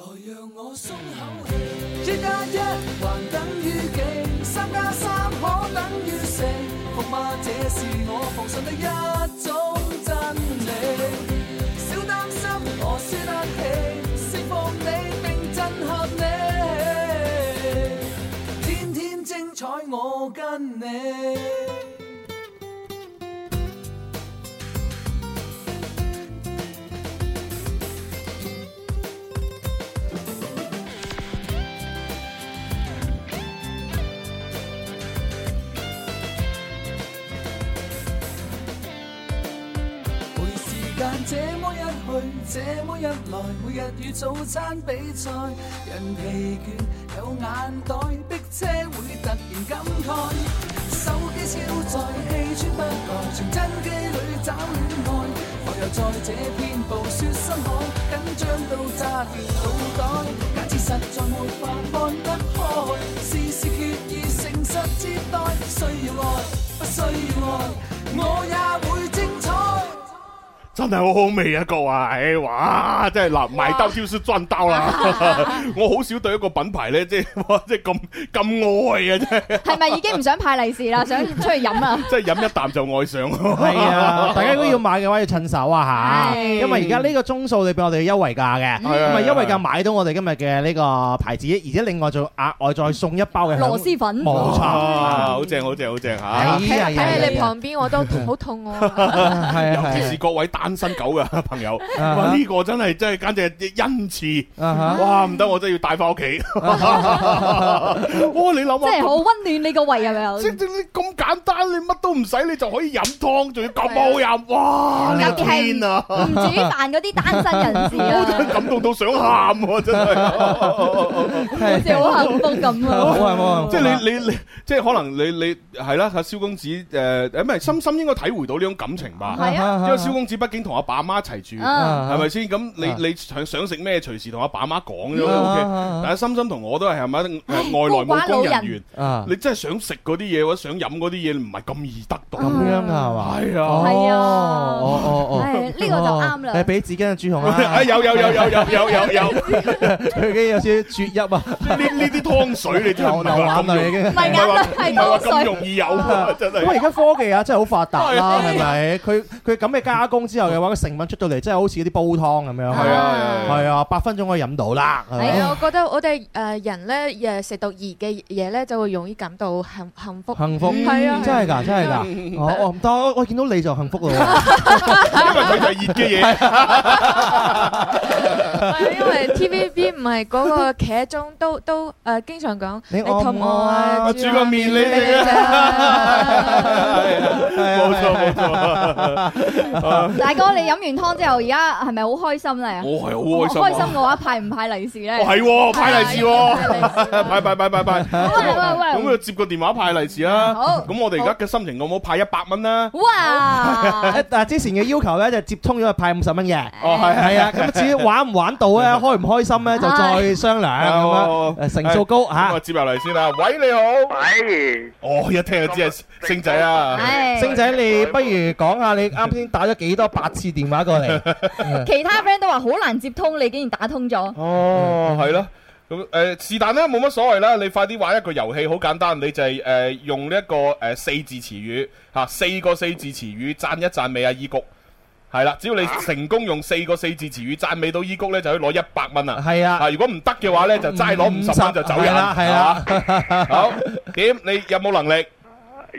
來讓我鬆口氣，一加一還等於幾？三加三可等於四？恐怕這是我奉信的一種真理。小擔心，我輸得起，釋放你並震撼你，天天精彩我跟你。這麼一來，每日與早餐比賽，人疲倦，有眼袋，逼車會突然感慨，手機超載，氣喘不來，傳真機裏找戀愛，我又在這片暴雪深海，緊張到炸掉腦袋，假設實在沒法看得開，事事決意誠實接待，需要愛，不需要愛，我也會。真係好好味啊！個話，哇，真係嗱，買兜超市賺兜啦！我好少對一個品牌咧，即係哇，即係咁咁愛啊！真係係咪已經唔想派利是啦？想出去飲啊！即係飲一啖就愛上。係啊，大家如果要買嘅話要趁手啊吓，因為而家呢個鐘數你俾我哋優惠價嘅，因為優惠價，買到我哋今日嘅呢個牌子，而且另外仲額外再送一包嘅螺螄粉，冇錯，好正好正好正吓！睇睇你旁邊我都好痛，尤其是各位單身狗嘅朋友，哇！呢個真係真係，簡直係恩賜，哇！唔得，我真係要帶翻屋企。哇！你諗下，即係好溫暖你個胃，係咪啊？即係你咁簡單，你乜都唔使，你就可以飲湯，仲要咁好飲，哇！有啲係唔至於扮嗰啲單身人士啊，感動到想喊，真係好似好幸福咁啊！即係你你你，即係可能你你係啦，阿蕭公子誒，唔係深深應該體會到呢種感情吧？係啊，因為蕭公子不。經同阿爸阿媽一齊住，係咪先？咁你你想想食咩？隨時同阿爸阿媽講咗。但係心心同我都係，係咪？外來務工人員，你真係想食嗰啲嘢或者想飲嗰啲嘢，唔係咁易得到，係嘛？係啊，係啊，係呢個就啱啦。係俾紙巾啊，朱紅啊，啊有有有有有有有有，最緊有少少啜泣啊！呢呢啲湯水你就流眼淚已經，唔係啱，唔係話咁容易有噶，真係。咁而家科技啊，真係好發達啦，係咪？佢佢咁嘅加工之。之後嘅話，個成品出到嚟，真係好似啲煲湯咁樣，係啊，係啊，八分鐘可以飲到啦。係啊，我覺得我哋誒人咧，誒食到熱嘅嘢咧，就會容易感到幸幸福，幸福，係啊，真係噶，真係噶。哦，但係我我見到你就幸福咯，因為佢係熱嘅嘢。因為 TVB 唔係嗰個劇中都都誒經常講，你同我煮個麵你哋啊，冇錯冇錯。大哥，你飲完湯之後，而家係咪好開心咧？我係好開心。開心嘅話派唔派利是咧？係派利是，拜拜拜拜拜。咁要接個電話派利是啦。好，咁我哋而家嘅心情，可唔可派一百蚊咧？哇！嗱，之前嘅要求咧就接通咗派五十蚊嘅。哦，係係啊，咁至於玩唔玩到咧，開唔開心咧，就再商量咁樣。誒，成數高吓。咁啊，接入嚟先啦。喂，你好。哎。哦，一聽就知係星仔啦。係。星仔，你不如講下你啱先打咗幾多？八次電話過嚟， <laughs> 其他 friend 都話好難接通，你竟然打通咗。哦，係咯、嗯，咁誒是但啦，冇，呃、乜所謂啦。你快啲玩一個遊戲，好簡單，你就係、是、誒、呃、用一、呢個誒、呃、四字詞語吓、啊，四個四字詞語讚一讚美啊！伊谷係啦，只要你成功用四個四字詞語讚美到伊谷咧，就可以攞一百蚊啦！係的啊，如果唔得嘅話咧，就齋攞五十蚊就走人係啊。的 <laughs> 好點？你有冇能力？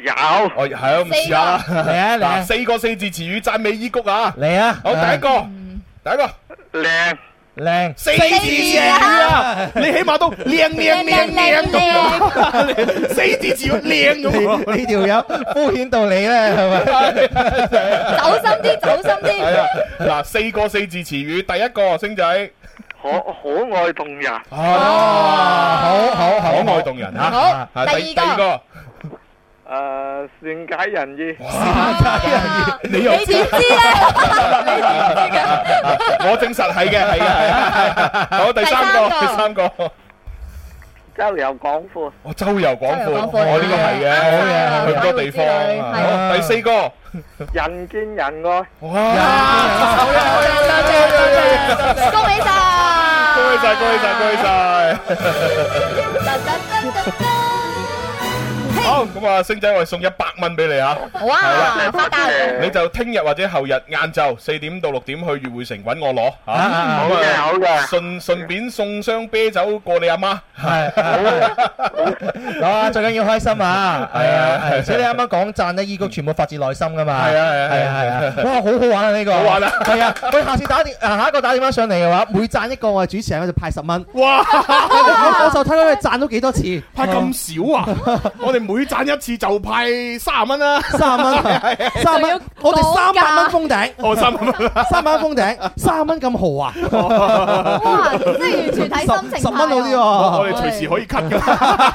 有，哦，係啊，唔試下，嚟啊嗱，四個四字詞語讚美伊谷啊，嚟啊，好第一個，第一個，靚靚，四字詞語啊，你起碼都靚靚靚靚，四字詞語靚咁，呢條友敷衍到你咧，係咪？走心啲，走心啲，嗱，四個四字詞語，第一個，星仔，可可愛動人，哦，好好可愛動人啊，好，第二第二個。誒，善解人意，善解人意，你又知啊？我證實係嘅，係嘅，係啊。好，第三個，第三個，周遊廣闊。我周遊廣闊，我呢個係嘅，好嘅，去咁多地方。好，第四個，人見人愛。哇！好啊，多謝，多謝，多謝，恭喜晒，恭喜晒，恭喜晒，恭喜晒。好，咁啊，星仔我哋送一百蚊俾你啊。好啊，係啊，你就聽日或者後日晏晝四點到六點去悅匯城搵我攞吓，好嘅，順順便送箱啤酒過你阿媽，係，好啊，好啊，最緊要開心啊，係啊，即係你啱啱講讚呢，依個全部發自內心噶嘛，係啊係啊係啊係啊，哇，好好玩啊呢個，好玩啊，係啊，我下次打電下一個打電話上嚟嘅話，每讚一個我哋主持人就派十蚊，哇，我就睇到佢讚咗幾多次，派咁少啊，我哋每佢賺一次就派三十蚊啦，三十蚊，三蚊，我哋三百蚊封頂，三百蚊，三百蚊封頂，三十蚊咁豪啊！哇，真係完全睇心情。十蚊好啲喎，我哋隨時可以 cut 噶。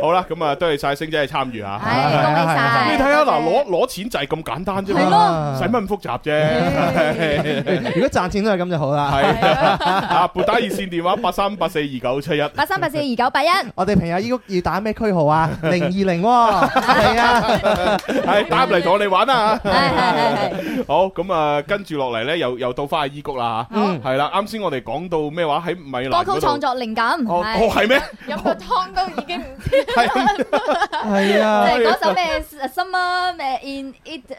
好啦，咁啊，多謝晒星仔嘅參與嚇，多謝曬。你睇下嗱，攞攞錢就係咁簡單啫嘛，使乜咁複雜啫？如果賺錢都係咁就好啦。係啊，撥打熱線電話八三八四二九七一，八三八四二九八一。我哋朋友伊谷要打咩區號啊？零二零喎，係啊，係打嚟同我哋玩啊！係係係，好咁啊，跟住落嚟咧，又又到翻阿伊谷啦吓，係啦，啱先我哋講到咩話係歌曲創作靈感哦，係咩？飲個湯都已經唔知係啊，嗰首咩 Summer 咩 In It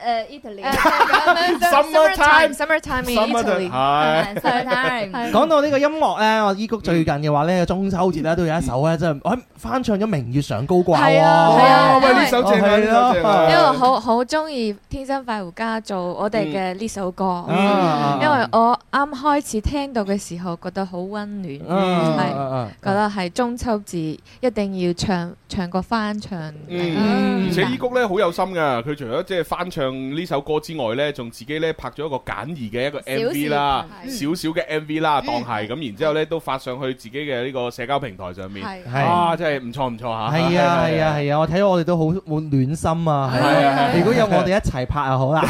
誒 Italy，Summer Time，Summer Time in Italy，係 Summer Time。講到呢個音樂咧，我伊谷最近嘅話咧，中秋節咧都有一首咧。就喺翻唱咗《明月上高掛》。係啊，係啊，呢首正係咯。因為好好中意《天生快活家》做我哋嘅呢首歌，因為我啱開始聽到嘅時候覺得好溫暖，係覺得係中秋節一定要唱唱個翻唱。嗯，而且伊谷咧好有心噶，佢除咗即係翻唱呢首歌之外咧，仲自己咧拍咗一個簡易嘅一個 M V 啦，少少嘅 M V 啦，當係咁，然之後咧都發上去自己嘅呢個社交平台上面。係啊，真係唔錯唔錯吓！係啊係啊係啊，我睇到我哋都好滿暖心啊！係啊係，如果有我哋一齊拍啊好啦，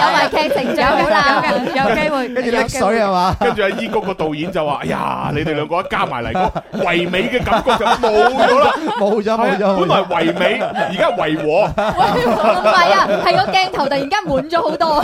有埋劇情仲有嘅，有機會。跟住溺水係嘛，跟住阿伊谷個導演就話：哎呀，你哋兩個一加埋嚟個唯美嘅感覺就冇咗啦，冇咗，本來唯美，而家維和。唔係啊，係個鏡頭突然間滿咗好多。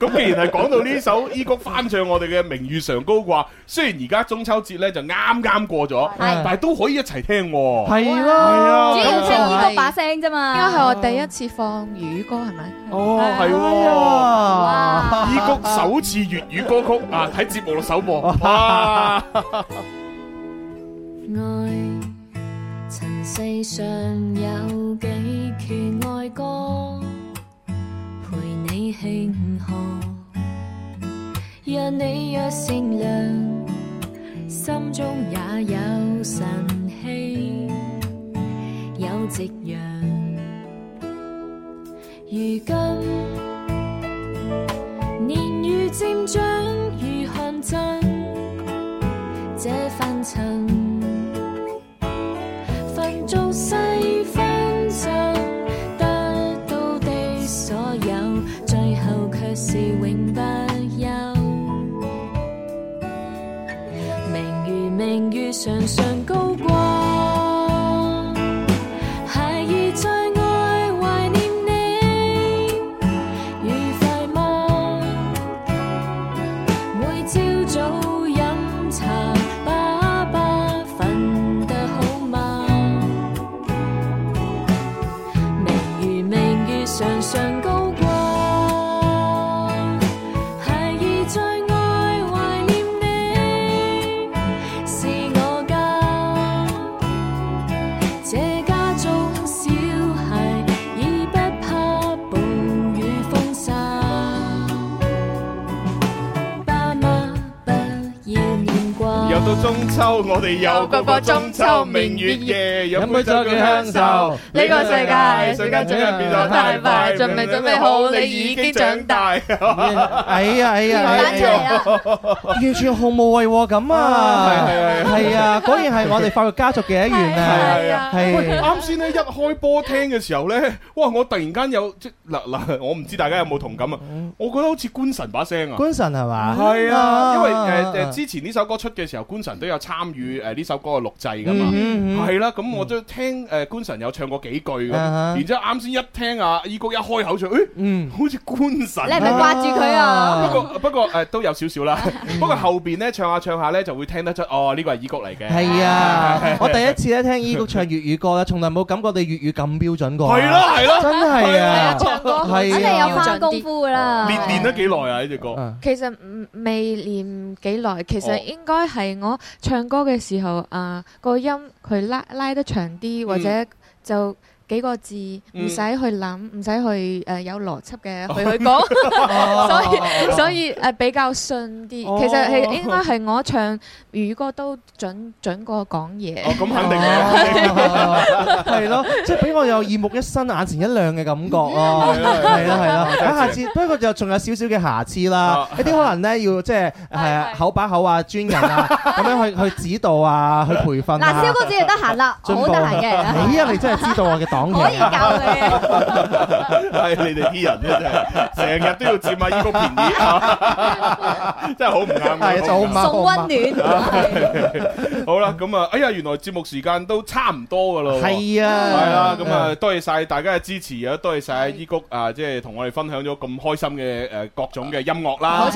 咁既然係講到呢首伊谷翻唱我哋嘅《明月上高》啩，雖然而家中中秋節呢就啱啱過咗，但係都可以一齊聽喎，係咯，主要聽伊谷把聲啫嘛。應該係我第一次放粵語歌係咪？哦，係喎，粵曲首次粵語歌曲啊，喺節目度首播啊！愛塵世上有幾曲愛歌，陪你慶賀。若你若善良。心中也有晨曦，有夕陽。如今年月漸長，如看盡這凡塵，凡俗世紛爭。常常高。秋我哋有個個中秋明月夜，飲杯酒更香醇。呢個世界瞬間轉眼變得太快，準備準備好你已經長大。哎呀哎呀，謝謝啊，完全毫無謂咁啊！係係係係啊！果然係我哋發樂家族嘅一員啊！係啊！啱先咧一開播聽嘅時候咧，哇！我突然間有即嗱嗱，我唔知大家有冇同感啊？我覺得好似官神把聲啊！官神係嘛？係啊！因為誒誒之前呢首歌出嘅時候，官神都有。參與誒呢首歌嘅錄製㗎嘛，係啦，咁我都聽誒官神有唱過幾句咁，然之後啱先一聽阿伊谷一開口唱，誒，好似官神，你係咪掛住佢啊？不過不過誒都有少少啦，不過後邊咧唱下唱下咧就會聽得出，哦，呢個係伊谷嚟嘅。係啊，我第一次咧聽伊谷唱粵語歌咧，從來冇感覺到粵語咁標準過。係咯係咯，真係啊！唱歌肯定有返功夫㗎啦。練練咗幾耐啊呢隻歌？其實未練幾耐，其實應該係我唱。唱歌嘅時候，啊、呃、個音佢拉拉得長啲，或者就。幾個字唔使去諗，唔使去誒有邏輯嘅去去講，所以所以誒比較順啲。其實係應該係我唱粵語歌都準準過講嘢。哦，咁肯定係咯，即係俾我有耳目一新、眼前一亮嘅感覺咯，係咯係咯。啊，下次不過就仲有少少嘅瑕疵啦，有啲可能咧要即係誒口把口啊，專人啊咁樣去去指導啊，去培訓。嗱，蕭哥，自己得閒啦，好得閒嘅。你啊，你真係知道我嘅。可以教佢啊！係你哋啲人咧，真係成日都要佔阿依谷便宜，真係好唔啱嘅。係啊，就送溫暖，好啦，咁啊，哎呀，原來節目時間都差唔多噶啦。係啊，係啦，咁啊，多謝曬大家嘅支持啊，多謝曬阿依谷啊，即係同我哋分享咗咁開心嘅誒各種嘅音樂啦、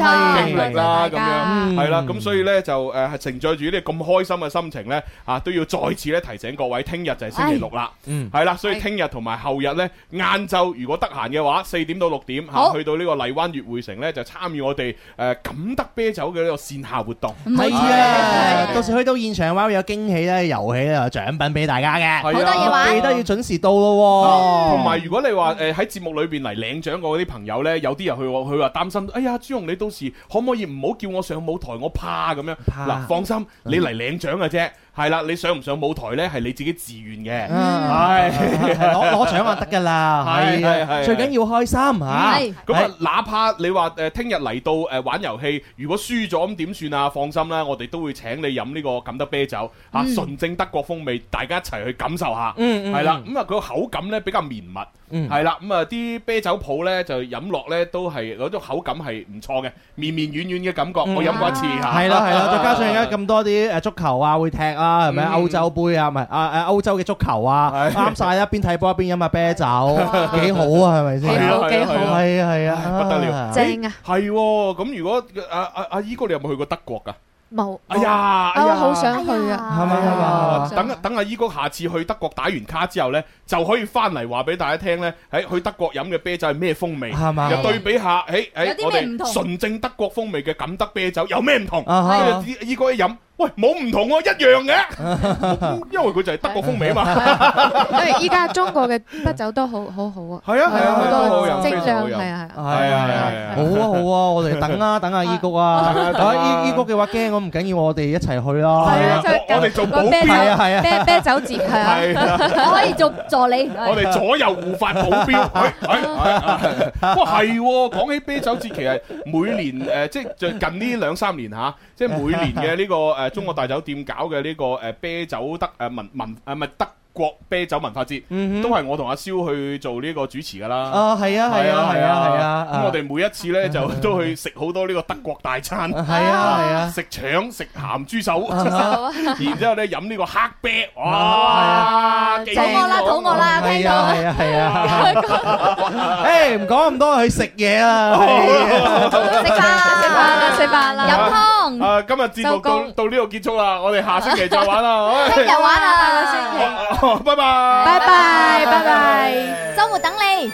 經歷啦，咁樣係啦，咁所以咧就誒係承載住呢咁開心嘅心情咧啊，都要再次咧提醒各位，聽日就係星期六啦，嗯，係啦，所以。聽日同埋後日呢，晏晝如果得閒嘅話，四點到六點吓，好去到呢個荔灣月匯城呢，就參與我哋誒錦德啤酒嘅呢個線下活動。係啊，到時去到現場，哇，有驚喜咧，遊戲啦，獎品俾大家嘅。記得的要準時到咯。同埋，嗯，如果你話誒喺節目裏邊嚟領獎嗰啲朋友呢，有啲人佢佢話擔心，哎呀，朱紅，你到時可唔可以唔好叫我上舞台，我怕咁樣。嗱怕、啊，放心，嗯，你嚟領獎嘅啫。係啦，你上唔上舞台呢？係你自己自願嘅，係攞攞獎就得噶啦，係係最緊要開心吓。咁啊，哪怕你話誒聽日嚟到誒玩遊戲，如果輸咗咁點算啊？放心啦，我哋都會請你飲呢個錦德啤酒吓，純正德國風味，大家一齊去感受下。係啦，咁啊，佢個口感呢，比較綿密。嗯，係啦，咁啊啲啤酒鋪咧就飲落咧都係嗰種口感係唔錯嘅綿綿軟軟嘅感覺，我飲過一次吓。係啦係啦，再加上而家咁多啲誒足球啊會踢啊，係咪歐洲杯啊？唔係啊啊歐洲嘅足球啊，啱晒一邊睇波一邊飲下啤酒，幾好啊，係咪先？係咯，幾好。係啊係啊，不得了，正啊。係咁，如果阿阿阿姨哥，你有冇去過德國噶？冇，沒哎呀，哦、哎呀我好想去啊！係咪等等，等阿伊哥下次去德國打完卡之後呢，就可以翻嚟話俾大家聽呢。喺、哎、去德國飲嘅啤酒係咩風味？係嘛？又對比下，誒誒，哎哎、我哋純正德國風味嘅錦德啤酒有咩唔同？阿伊哥一飲。冇唔同喎，一樣嘅，因為佢就係德國風味啊嘛。誒，依家中國嘅啤酒都好好好啊，係啊，好多跡象，係啊，係啊，係啊，好啊，好啊，我哋等啊，等阿伊谷啊，阿伊谷嘅話驚，我唔緊要，我哋一齊去啦，我哋做保鏢，係啊，啤啤酒節係啊，可以做助理，我哋左右護法保鏢。喂喂喂，哇係，講起啤酒節，其實每年誒，即係最近呢兩三年嚇，即係每年嘅呢個誒。中國大酒店搞嘅呢、這個誒、呃、啤酒得誒、呃、文文誒咪、啊、得。國啤酒文化節都係我同阿蕭去做呢個主持噶啦。哦，係啊係啊係啊係啊。咁我哋每一次咧就都去食好多呢個德國大餐。係啊係啊。食腸食鹹豬手。然之後咧飲呢個黑啤。哇！肚餓啦，肚餓啦，聽到。係啊係啊。誒，唔講咁多，去食嘢啊！食飯啦，食飯啦，食飯啦。飲湯。誒，今日節目到到呢度結束啦，我哋下星期再玩啦。聽日玩啦，下星期。好，拜拜，拜拜，拜拜，周末等你。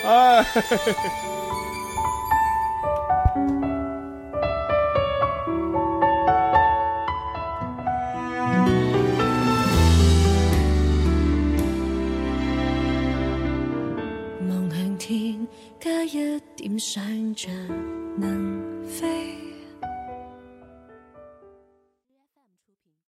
望向天，加一點想像，能飛。